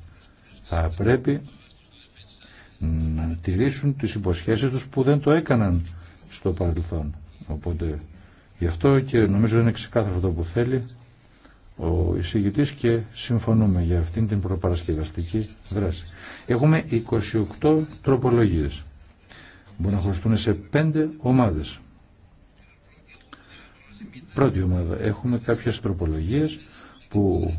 Θα πρέπει να τηρήσουν τις υποσχέσεις τους που δεν το έκαναν στο παρελθόν. Οπότε γι' αυτό και νομίζω είναι ξεκάθαρο αυτό που θέλει ο εισηγητής και συμφωνούμε για αυτήν την προπαρασκευαστική δράση. Έχουμε 28 τροπολογίες. Μπορούν να χωριστούν σε 5 ομάδες. Πρώτη ομάδα. Έχουμε κάποιες τροπολογίες που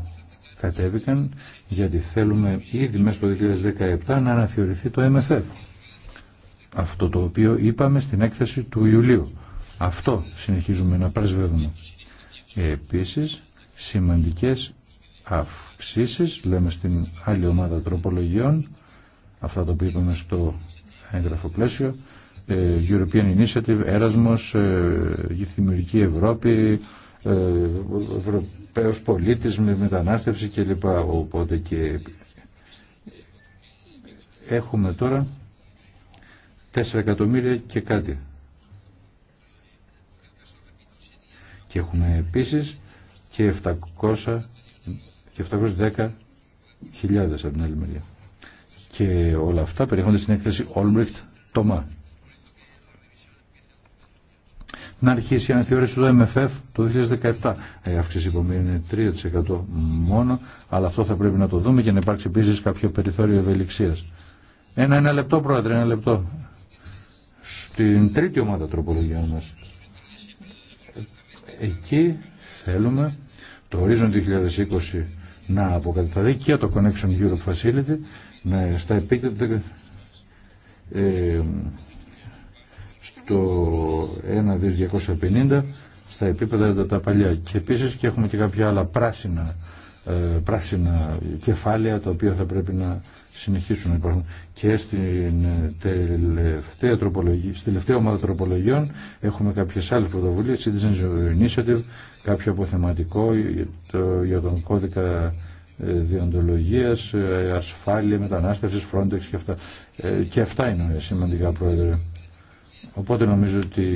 κατέβηκαν γιατί θέλουμε ήδη μέσα στο 2017 να αναθεωρηθεί το MFF. Αυτό το οποίο είπαμε στην έκθεση του Ιουλίου. Αυτό συνεχίζουμε να πρεσβεύουμε. Επίσης, σημαντικές αυξήσεις, λέμε στην άλλη ομάδα τροπολογιών, αυτά το που είπαμε στο έγγραφο πλαίσιο, ε, European Initiative, Έρασμος, ε, Δημιουργική Ευρώπη, ε, Ευρωπαίος πολίτης με μετανάστευση κλπ. Οπότε και έχουμε τώρα 4 εκατομμύρια και κάτι. Και έχουμε επίσης και 700 και 710 χιλιάδες από την άλλη μεριά. Και όλα αυτά περιέχονται στην έκθεση Olbricht Toma. Να αρχίσει η αναθεώρηση του MFF το 2017. Ε, η αύξηση είναι 3% μόνο, αλλά αυτό θα πρέπει να το δούμε και να υπάρξει επίση κάποιο περιθώριο ευελιξία. Ένα, ένα λεπτό, πρόεδρε, ένα λεπτό. Στην τρίτη ομάδα τροπολογιών μα. Εκεί θέλουμε το Horizon 2020 να αποκατασταθεί και το Connection Europe Facility να στα επίπεδα ε, στο 1.250 στα επίπεδα τα παλιά. Και επίσης και έχουμε και κάποια άλλα πράσινα ε, πράσινα κεφάλαια τα οποία θα πρέπει να συνεχίσουν Και στην ε, τελευταία, στη τελευταία ομάδα τροπολογιών έχουμε κάποιες άλλες πρωτοβουλίες, Citizens Initiative, κάποιο αποθεματικό για τον κώδικα ε, διοντολογίας, ασφάλεια, μετανάστευση Frontex και αυτά. Και αυτά είναι σημαντικά, Πρόεδρε. Οπότε νομίζω ότι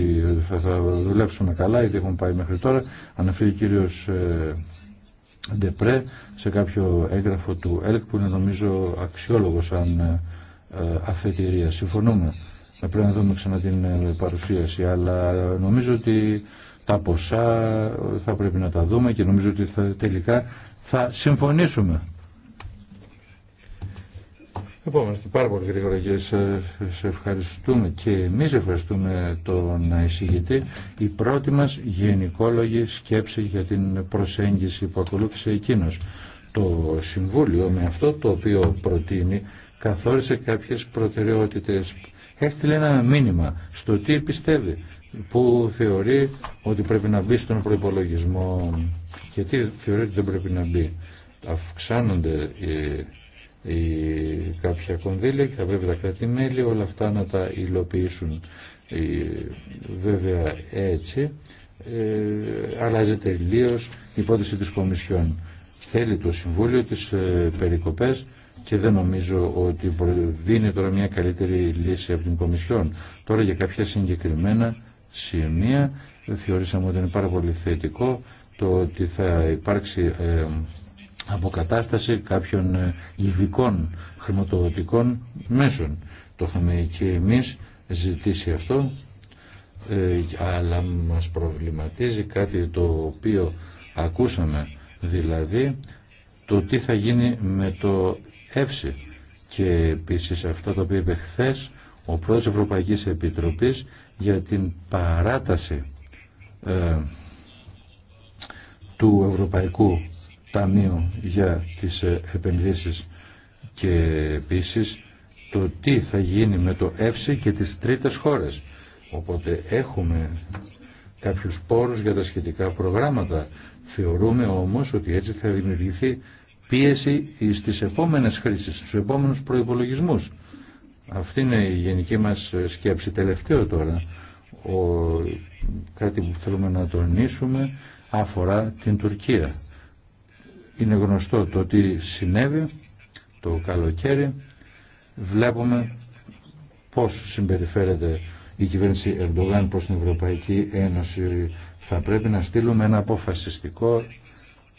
θα, δουλέψουμε καλά, γιατί έχουμε πάει μέχρι τώρα. Αναφέρει ο κύριος Ντεπρέ σε κάποιο έγγραφο του ΕΛΚ που είναι νομίζω αξιόλογο σαν ε, ε, αφετηρία. Συμφωνούμε. Ε, πρέπει να δούμε ξανά την παρουσίαση, αλλά νομίζω ότι τα ποσά θα πρέπει να τα δούμε και νομίζω ότι τελικά θα συμφωνήσουμε. Επόμενο, πάρα πολύ γρήγορα και σε, ευχαριστούμε και εμεί ευχαριστούμε τον εισηγητή. Η πρώτη μας γενικόλογη σκέψη για την προσέγγιση που ακολούθησε εκείνο. Το Συμβούλιο με αυτό το οποίο προτείνει καθόρισε κάποιες προτεραιότητες. Έστειλε ένα μήνυμα στο τι πιστεύει, που θεωρεί ότι πρέπει να μπει στον προπολογισμό και τι θεωρεί ότι δεν πρέπει να μπει. Αυξάνονται κάποια κονδύλια και θα πρέπει τα κράτη-μέλη όλα αυτά να τα υλοποιήσουν. Βέβαια έτσι ε, αλλάζεται τελείω η υπόθεση της Κομισιόν. Θέλει το Συμβούλιο της ε, περικοπές και δεν νομίζω ότι δίνει τώρα μια καλύτερη λύση από την Κομισιόν. Τώρα για κάποια συγκεκριμένα σημεία ε, θεωρήσαμε ότι είναι πάρα πολύ θετικό το ότι θα υπάρξει αποκατάσταση κάποιων ε, ειδικών χρηματοδοτικών μέσων. Το είχαμε και εμείς ζητήσει αυτό, ε, αλλά μας προβληματίζει κάτι το οποίο ακούσαμε, δηλαδή το τι θα γίνει με το ΕΦΣΙ και επίσης αυτό το οποίο είπε χθε ο πρόεδρος Ευρωπαϊκής Επιτροπής για την παράταση ε, του Ευρωπαϊκού Ταμείο για τις ε, επενδύσεις και επίσης το τι θα γίνει με το ΕΦΣΙ και τις τρίτες χώρες. Οπότε έχουμε κάποιους πόρους για τα σχετικά προγράμματα. Θεωρούμε όμως ότι έτσι θα δημιουργηθεί πίεση στις επόμενες χρήσεις, στους επόμενους προϋπολογισμούς. Αυτή είναι η γενική μας ε, σκέψη. Τελευταίο τώρα, ο, κάτι που θέλουμε να τονίσουμε αφορά την Τουρκία. Είναι γνωστό το τι συνέβη το καλοκαίρι. Βλέπουμε πώς συμπεριφέρεται η κυβέρνηση Ερντογάν προς την Ευρωπαϊκή Ένωση. Θα πρέπει να στείλουμε ένα αποφασιστικό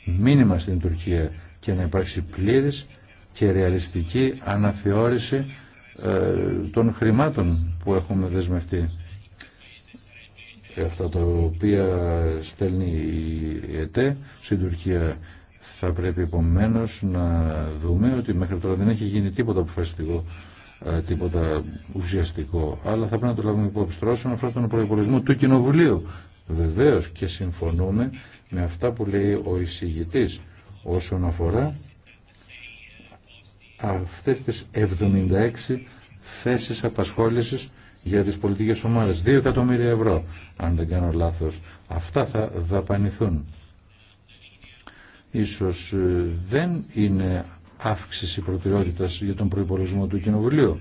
μήνυμα στην Τουρκία και να υπάρξει πλήρης και ρεαλιστική αναθεώρηση ε, των χρημάτων που έχουμε δεσμευτεί. Ε, αυτά τα οποία στέλνει η ΕΤΕ στην Τουρκία θα πρέπει επομένω να δούμε ότι μέχρι τώρα δεν έχει γίνει τίποτα αποφασιστικό, ε, τίποτα ουσιαστικό, αλλά θα πρέπει να το λάβουμε υπόψη τώρα όσον αφορά τον προπολογισμό του Κοινοβουλίου. Βεβαίω και συμφωνούμε με αυτά που λέει ο εισηγητή όσον αφορά αυτές τις 76 θέσεις απασχόλησης για τις πολιτικές ομάδες. 2 εκατομμύρια ευρώ, αν δεν κάνω λάθος. Αυτά θα δαπανηθούν ίσως ε, δεν είναι αύξηση προτεραιότητας για τον προϋπολογισμό του Κοινοβουλίου.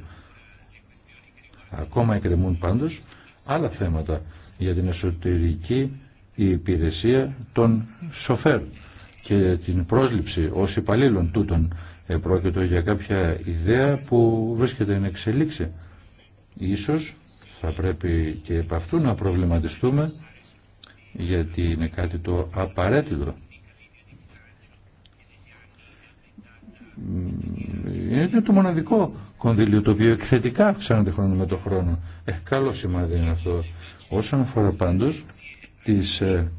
Ακόμα εκκρεμούν πάντως άλλα θέματα για την εσωτερική υπηρεσία των σοφέρ και την πρόσληψη ως υπαλλήλων τούτων. Πρόκειται για κάποια ιδέα που βρίσκεται εν εξελίξη. Ίσως θα πρέπει και επ' αυτού να προβληματιστούμε γιατί είναι κάτι το απαραίτητο είναι το μοναδικό κονδύλιο το οποίο εκθετικά αυξάνεται χρόνο με το χρόνο. Ε, καλό σημάδι είναι αυτό. Όσον αφορά πάντως τις ε,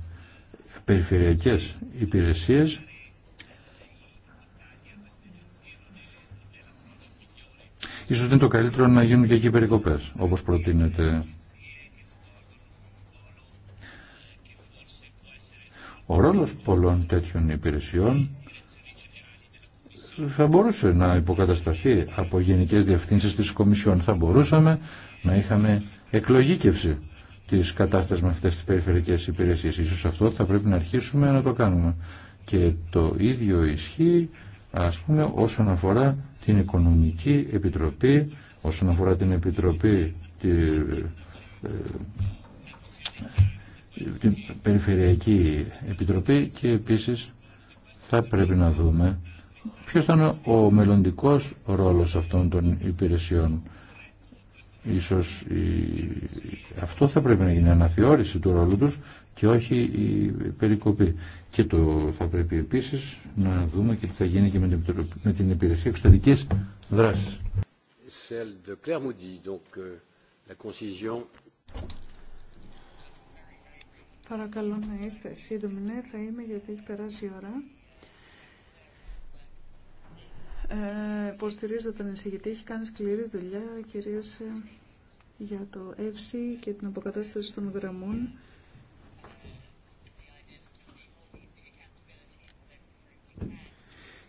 περιφερειακές υπηρεσίες ίσως είναι το καλύτερο να γίνουν και εκεί περικοπές όπως προτείνεται. Ο ρόλος πολλών τέτοιων υπηρεσιών θα μπορούσε να υποκατασταθεί από γενικές διευθύνσεις της Κομισιόν. Θα μπορούσαμε να είχαμε εκλογήκευση της κατάστασης με αυτές τις περιφερειακές υπηρεσίες. Ίσως αυτό θα πρέπει να αρχίσουμε να το κάνουμε. Και το ίδιο ισχύει ας πούμε όσον αφορά την Οικονομική Επιτροπή, όσον αφορά την Επιτροπή τη, ε, την Περιφερειακή Επιτροπή και επίσης θα πρέπει να δούμε Ποιος ήταν ο μελλοντικός ρόλος αυτών των υπηρεσιών. Ίσως αυτό θα πρέπει να γίνει αναθεώρηση του ρόλου τους και όχι η περικοπή. Και το θα πρέπει επίσης να δούμε και τι θα γίνει και με την, με την υπηρεσία εξωτερικής δράσης. Euh, Παρακαλώ να είστε σύντομοι, ναι, θα είμαι γιατί έχει περάσει η ώρα. Ε, υποστηρίζω τον εισηγητή, έχει κάνει σκληρή δουλειά, κυρίως ε, για το ΕΦΣΥ και την αποκατάσταση των γραμμών.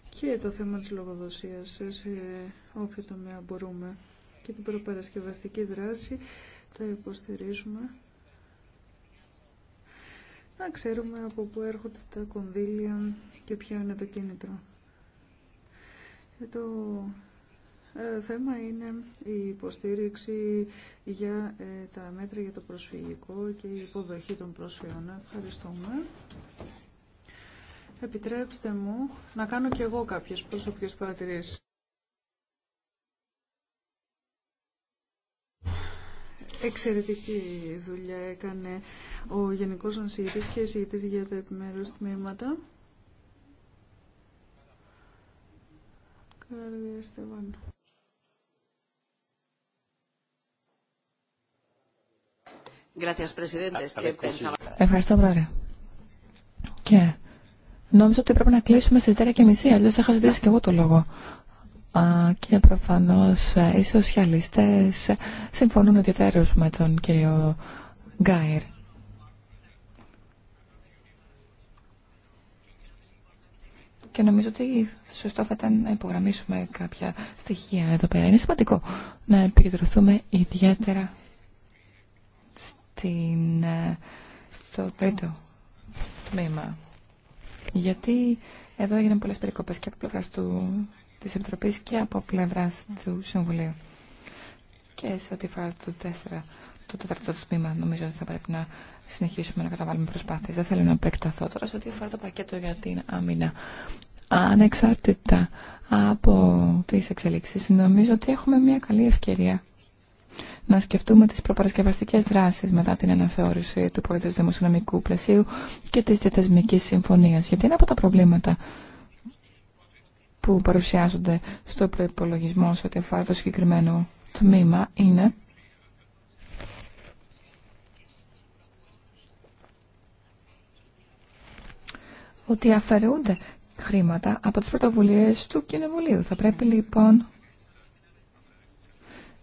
Και το θέμα της λογοδοσίας ε, σε όποιο τομέα μπορούμε και την προπαρασκευαστική δράση τα υποστηρίζουμε. Να ξέρουμε από πού έρχονται τα κονδύλια και ποιο είναι το κίνητρο. Το ε, θέμα είναι η υποστήριξη για ε, τα μέτρα για το προσφυγικό και η υποδοχή των πρόσφυγων. Ευχαριστούμε. Επιτρέψτε μου να κάνω και εγώ κάποιες προσωπικές παρατηρήσεις. Εξαιρετική δουλειά έκανε ο Γενικός Ανσηγητής και Συγητής για τα επιμέρους τμήματα. Ευχαριστώ, Πρόεδρε. Και νόμιζα ότι πρέπει να κλείσουμε στι 10.30, και αλλιώ θα είχα ζητήσει και εγώ το λόγο. και προφανώ ε, οι σοσιαλιστέ συμφωνούν ιδιαίτερω με τον κύριο Γκάιρ. Και νομίζω ότι σωστό θα ήταν να υπογραμμίσουμε κάποια στοιχεία εδώ πέρα. Είναι σημαντικό να επικεντρωθούμε ιδιαίτερα στην, ε, στο τρίτο τμήμα. Γιατί εδώ έγιναν πολλές περικοπές και από πλευρά του, της Επιτροπής και από πλευράς του Συμβουλίου. Και σε ό,τι φορά το 4 το τέταρτο τμήμα νομίζω ότι θα πρέπει να συνεχίσουμε να καταβάλουμε προσπάθειες. Δεν θέλω να επεκταθώ τώρα σε ό,τι αφορά το πακέτο για την άμυνα. Ανεξάρτητα από τις εξελίξεις, νομίζω ότι έχουμε μια καλή ευκαιρία να σκεφτούμε τις προπαρασκευαστικές δράσεις μετά την αναθεώρηση του πολιτικού δημοσιονομικού πλαισίου και της διαθεσμικής συμφωνίας. Γιατί ένα από τα προβλήματα που παρουσιάζονται στο προπολογισμό σε ό,τι αφορά το συγκεκριμένο τμήμα είναι ότι αφαιρούνται χρήματα από τις πρωτοβουλίες του Κοινοβουλίου. Θα πρέπει λοιπόν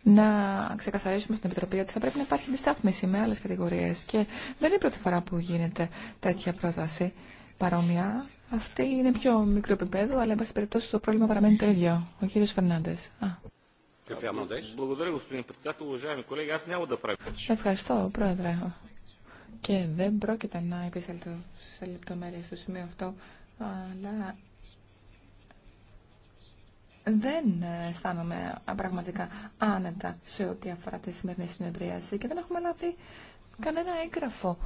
να ξεκαθαρίσουμε στην Επιτροπή ότι θα πρέπει να υπάρχει διστάθμιση με άλλες κατηγορίες και δεν είναι η πρώτη φορά που γίνεται τέτοια πρόταση παρόμοια. Αυτή είναι πιο μικρό επίπεδο, αλλά εν πάση περιπτώσει το πρόβλημα παραμένει το ίδιο. Ο κύριος Φερνάντε. Ευχαριστώ, Πρόεδρε και δεν πρόκειται να επισέλθω σε λεπτομέρειες στο σημείο αυτό, αλλά δεν ε, αισθάνομαι πραγματικά άνετα σε ό,τι αφορά τη σημερινή συνεδρίαση και δεν έχουμε λάβει κανένα έγγραφο.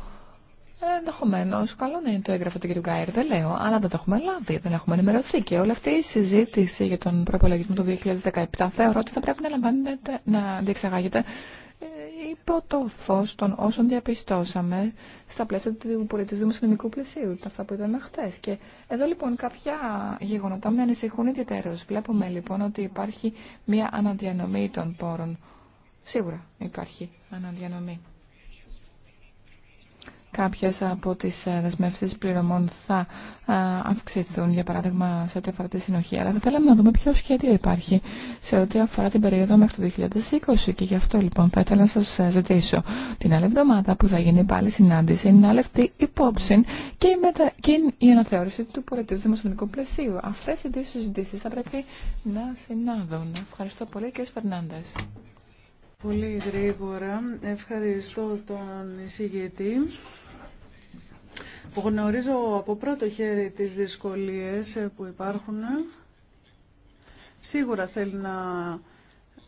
Ε, Ενδεχομένω, καλό να είναι το έγγραφο του κ. Γκάιρ, δεν λέω, αλλά δεν το έχουμε λάβει, δεν έχουμε ενημερωθεί και όλη αυτή η συζήτηση για τον προπολογισμό του 2017 θεωρώ ότι θα πρέπει να, να διεξαγάγεται υπό το φως των όσων διαπιστώσαμε στα πλαίσια του πολιτισμού συνομικού πλαισίου, τα αυτά που είδαμε χθε. Και εδώ λοιπόν κάποια γεγονότα με ανησυχούν ιδιαίτερω. Βλέπουμε λοιπόν ότι υπάρχει μια αναδιανομή των πόρων. Σίγουρα υπάρχει αναδιανομή κάποιες από τις ε, δεσμεύσεις πληρωμών θα ε, αυξηθούν, για παράδειγμα σε ό,τι αφορά τη συνοχή. Αλλά θα θέλαμε να δούμε ποιο σχέδιο υπάρχει σε ό,τι αφορά την περίοδο μέχρι το 2020 και γι' αυτό λοιπόν θα ήθελα να σας ε, ζητήσω την άλλη εβδομάδα που θα γίνει πάλι συνάντηση να λεφτεί υπόψη και, η μετα... και η αναθεώρηση του πολιτικού δημοσιονομικού πλαισίου. Αυτές οι δύο συζητήσει θα πρέπει να συνάδουν. Ευχαριστώ πολύ και Φερνάντες. Πολύ γρήγορα. Ευχαριστώ τον εισηγητή. Γνωρίζω από πρώτο χέρι τις δυσκολίες που υπάρχουν. Σίγουρα θέλει να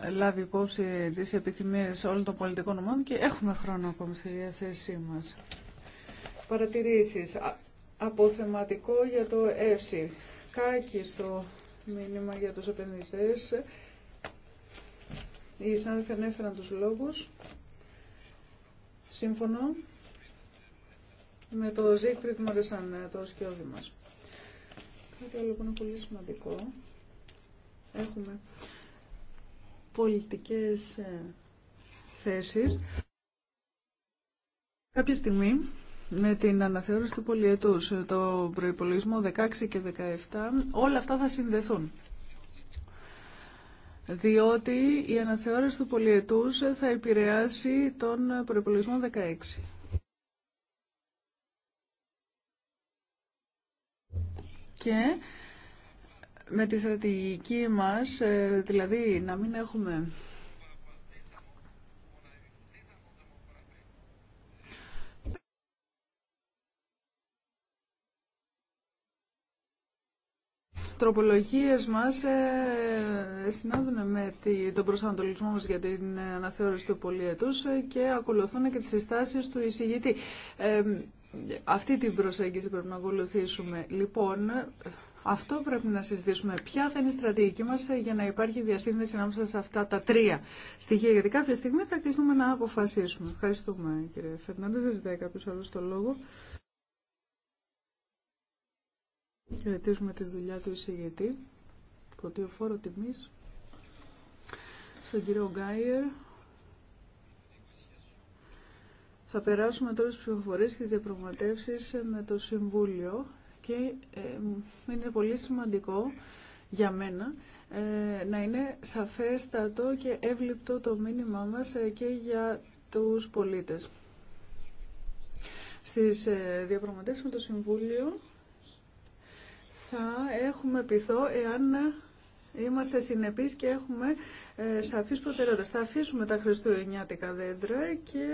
λάβει υπόψη τις επιθυμίες όλων των πολιτικών ομάδων και έχουμε χρόνο ακόμη στη διαθέσή μας. Παρατηρήσεις. Αποθεματικό για το ΕΦΣΥ. Κάκι στο μήνυμα για τους επενδυτές. Οι συνάδελφοι ανέφεραν τους λόγους. Σύμφωνο με το Ζίγκφριντ μου αρέσαν το σκιώδι μας. Κάτι άλλο που είναι πολύ σημαντικό. Έχουμε πολιτικές ε, θέσεις. Κάποια στιγμή με την αναθεώρηση του πολιετούς, ε, το προϋπολογισμό 16 και 17, όλα αυτά θα συνδεθούν. Διότι η αναθεώρηση του πολιετούς θα επηρεάσει τον προϋπολογισμό 16. και με τη στρατηγική μας, ε, δηλαδή να μην έχουμε τροπολογίες μας ε, συνάδουν με τη, τον προσανατολισμό μας για την αναθεώρηση του πολιετούς ε, και ακολουθούν και τις συστάσεις του εισηγητή. Ε, αυτή την προσέγγιση πρέπει να ακολουθήσουμε. Λοιπόν, αυτό πρέπει να συζητήσουμε. Ποια θα είναι η στρατηγική μα για να υπάρχει διασύνδεση ανάμεσα σε αυτά τα τρία στοιχεία. Γιατί κάποια στιγμή θα κληθούμε να αποφασίσουμε. Ευχαριστούμε κύριε Φερνάνδη. Δεν ζητάει κάποιο άλλο το λόγο. Χαιρετίζουμε τη δουλειά του εισηγητή. φόρο τιμή στον κύριο Γκάιερ. Θα περάσουμε τώρα στις πληροφορίες και τις διαπραγματεύσεις με το Συμβούλιο και ε, είναι πολύ σημαντικό για μένα ε, να είναι σαφέστατο και εύληπτο το μήνυμά μας ε, και για τους πολίτες. Στις διαπραγματεύσεις με το Συμβούλιο θα έχουμε πειθό εάν Είμαστε συνεπείς και έχουμε ε, σαφείς προτεραιότητες. Θα αφήσουμε τα χριστουγεννιάτικα δέντρα και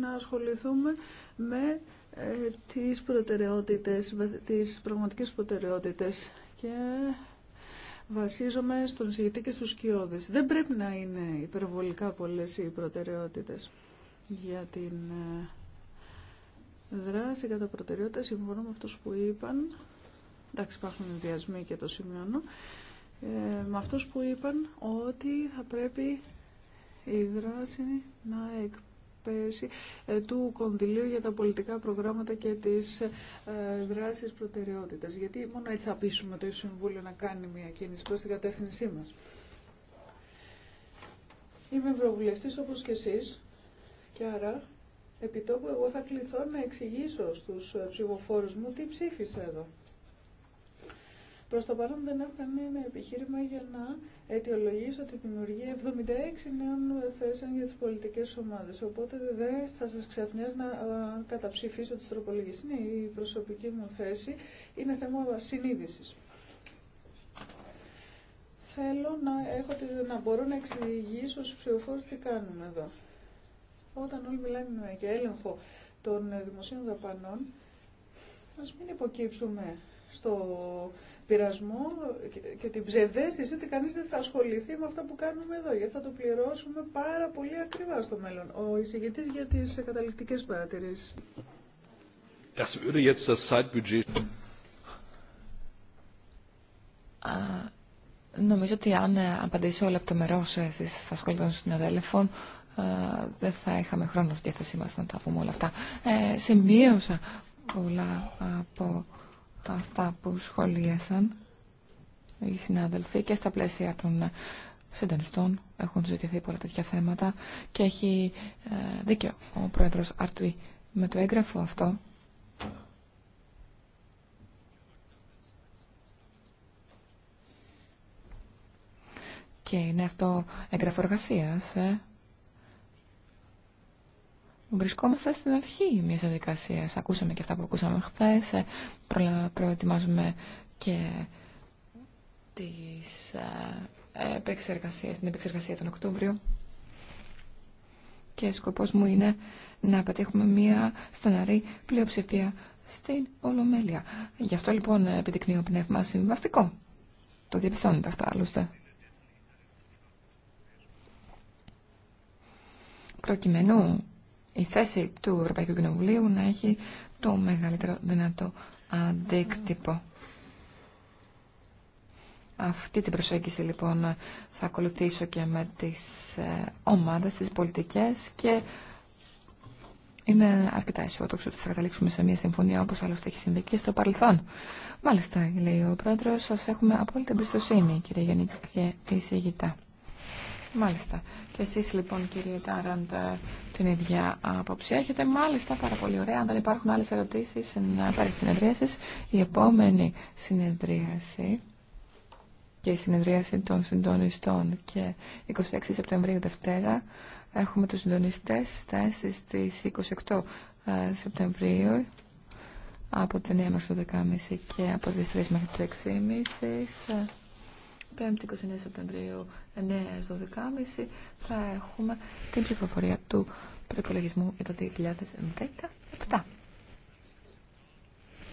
να ασχοληθούμε με ε, τις προτεραιότητες, τις πραγματικές προτεραιότητες. Και βασίζομαι στον συγητή και στους σκιώδες. Δεν πρέπει να είναι υπερβολικά πολλές οι προτεραιότητες για την ε, δράση κατά προτεραιότητα. Συμφωνώ με αυτούς που είπαν. Εντάξει, υπάρχουν ενδιασμοί και το σημειώνω. Ε, με αυτούς που είπαν ότι θα πρέπει η δράση να εκπέσει ε, του κονδυλίου για τα πολιτικά προγράμματα και τις ε, δράσεις προτεραιότητας. Γιατί μόνο έτσι θα πείσουμε το Συμβούλιο να κάνει μια κίνηση προς την κατεύθυνσή μας. Είμαι προβουλευτής όπως και εσείς και άρα επιτόπου εγώ θα κληθώ να εξηγήσω στους ψηφοφόρους μου τι ψήφισα εδώ. Προ το παρόν δεν έχω κανένα επιχείρημα για να αιτιολογήσω τη δημιουργία 76 νέων θέσεων για τις πολιτικές ομάδες. Οπότε δεν θα σας ξαφνιάζει να καταψηφίσω τι τροπολογίε. Είναι η προσωπική μου θέση. Είναι θέμα συνείδηση. θέλω να, έχω, να μπορώ να εξηγήσω στου ψηφοφόρου τι κάνουμε εδώ. Όταν όλοι μιλάμε για έλεγχο των δημοσίων δαπανών, α μην υποκύψουμε στο πειρασμό και την ψευδέστηση ότι κανείς δεν θα ασχοληθεί με αυτά που κάνουμε εδώ, γιατί θα το πληρώσουμε πάρα πολύ ακριβά στο μέλλον. Ο εισηγητής για τις καταληκτικές παρατηρήσεις. Das würde jetzt das Zeitbudget... Νομίζω ότι αν ε, απαντήσω λεπτομερώς ε, στις ασχολητές των συναδέλφων, ε, δεν θα είχαμε χρόνο στη διάθεσή μας να τα πούμε όλα αυτά. σημείωσα πολλά από αυτά που σχολίασαν οι συνάδελφοι και στα πλαίσια των συντονιστών έχουν ζητηθεί πολλά τέτοια θέματα και έχει ε, δίκιο ο πρόεδρος Αρτουή με το έγγραφο αυτό και είναι αυτό έγγραφο εργασίας ε, Βρισκόμαστε στην αρχή μια διαδικασία. Ακούσαμε και αυτά που ακούσαμε χθε. Ε, προετοιμάζουμε και τις ε, επεξεργασίες, την επεξεργασία τον Οκτώβριο και σκοπός μου είναι να πετύχουμε μια στεναρή πλειοψηφία στην Ολομέλεια. Γι' αυτό λοιπόν επιδεικνύω πνεύμα συμβαστικό. Το διαπιστώνετε αυτό, άλλωστε. Προκειμένου η θέση του Ευρωπαϊκού Κοινοβουλίου να έχει το μεγαλύτερο δυνατό αντίκτυπο. Αυτή την προσέγγιση λοιπόν θα ακολουθήσω και με τις ε, ομάδες, τις πολιτικές και είμαι αρκετά αισιόδοξη ότι θα καταλήξουμε σε μια συμφωνία όπως άλλωστε έχει συμβεί και στο παρελθόν. Μάλιστα, λέει ο πρόεδρος, σας έχουμε απόλυτη εμπιστοσύνη κύριε Γενική και εισηγητά. Μάλιστα. Και εσείς λοιπόν κύριε Τάραντ την ίδια άποψη έχετε. Μάλιστα πάρα πολύ ωραία. Αν δεν υπάρχουν άλλες ερωτήσεις να πάρει συνεδρίασεις. Η επόμενη συνεδρίαση και η συνεδρίαση των συντονιστών και 26 Σεπτεμβρίου Δευτέρα έχουμε τους συντονιστές στις 28 ε, Σεπτεμβρίου από την 9 μέχρι το 10.30 και από τις 3 μέχρι τις 6.30 5η 29 Σεπτεμβρίου 9 θα έχουμε την ψηφοφορία του προπολογισμού για το 2017.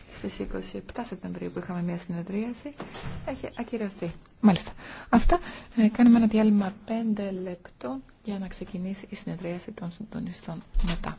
Στις 27 Σεπτεμβρίου που είχαμε μια συνεδρίαση έχει ακυρωθεί. Μάλιστα. Αυτά ε, κάνουμε ένα διάλειμμα 5 λεπτών για να ξεκινήσει η συνεδρίαση των συντονιστών μετά.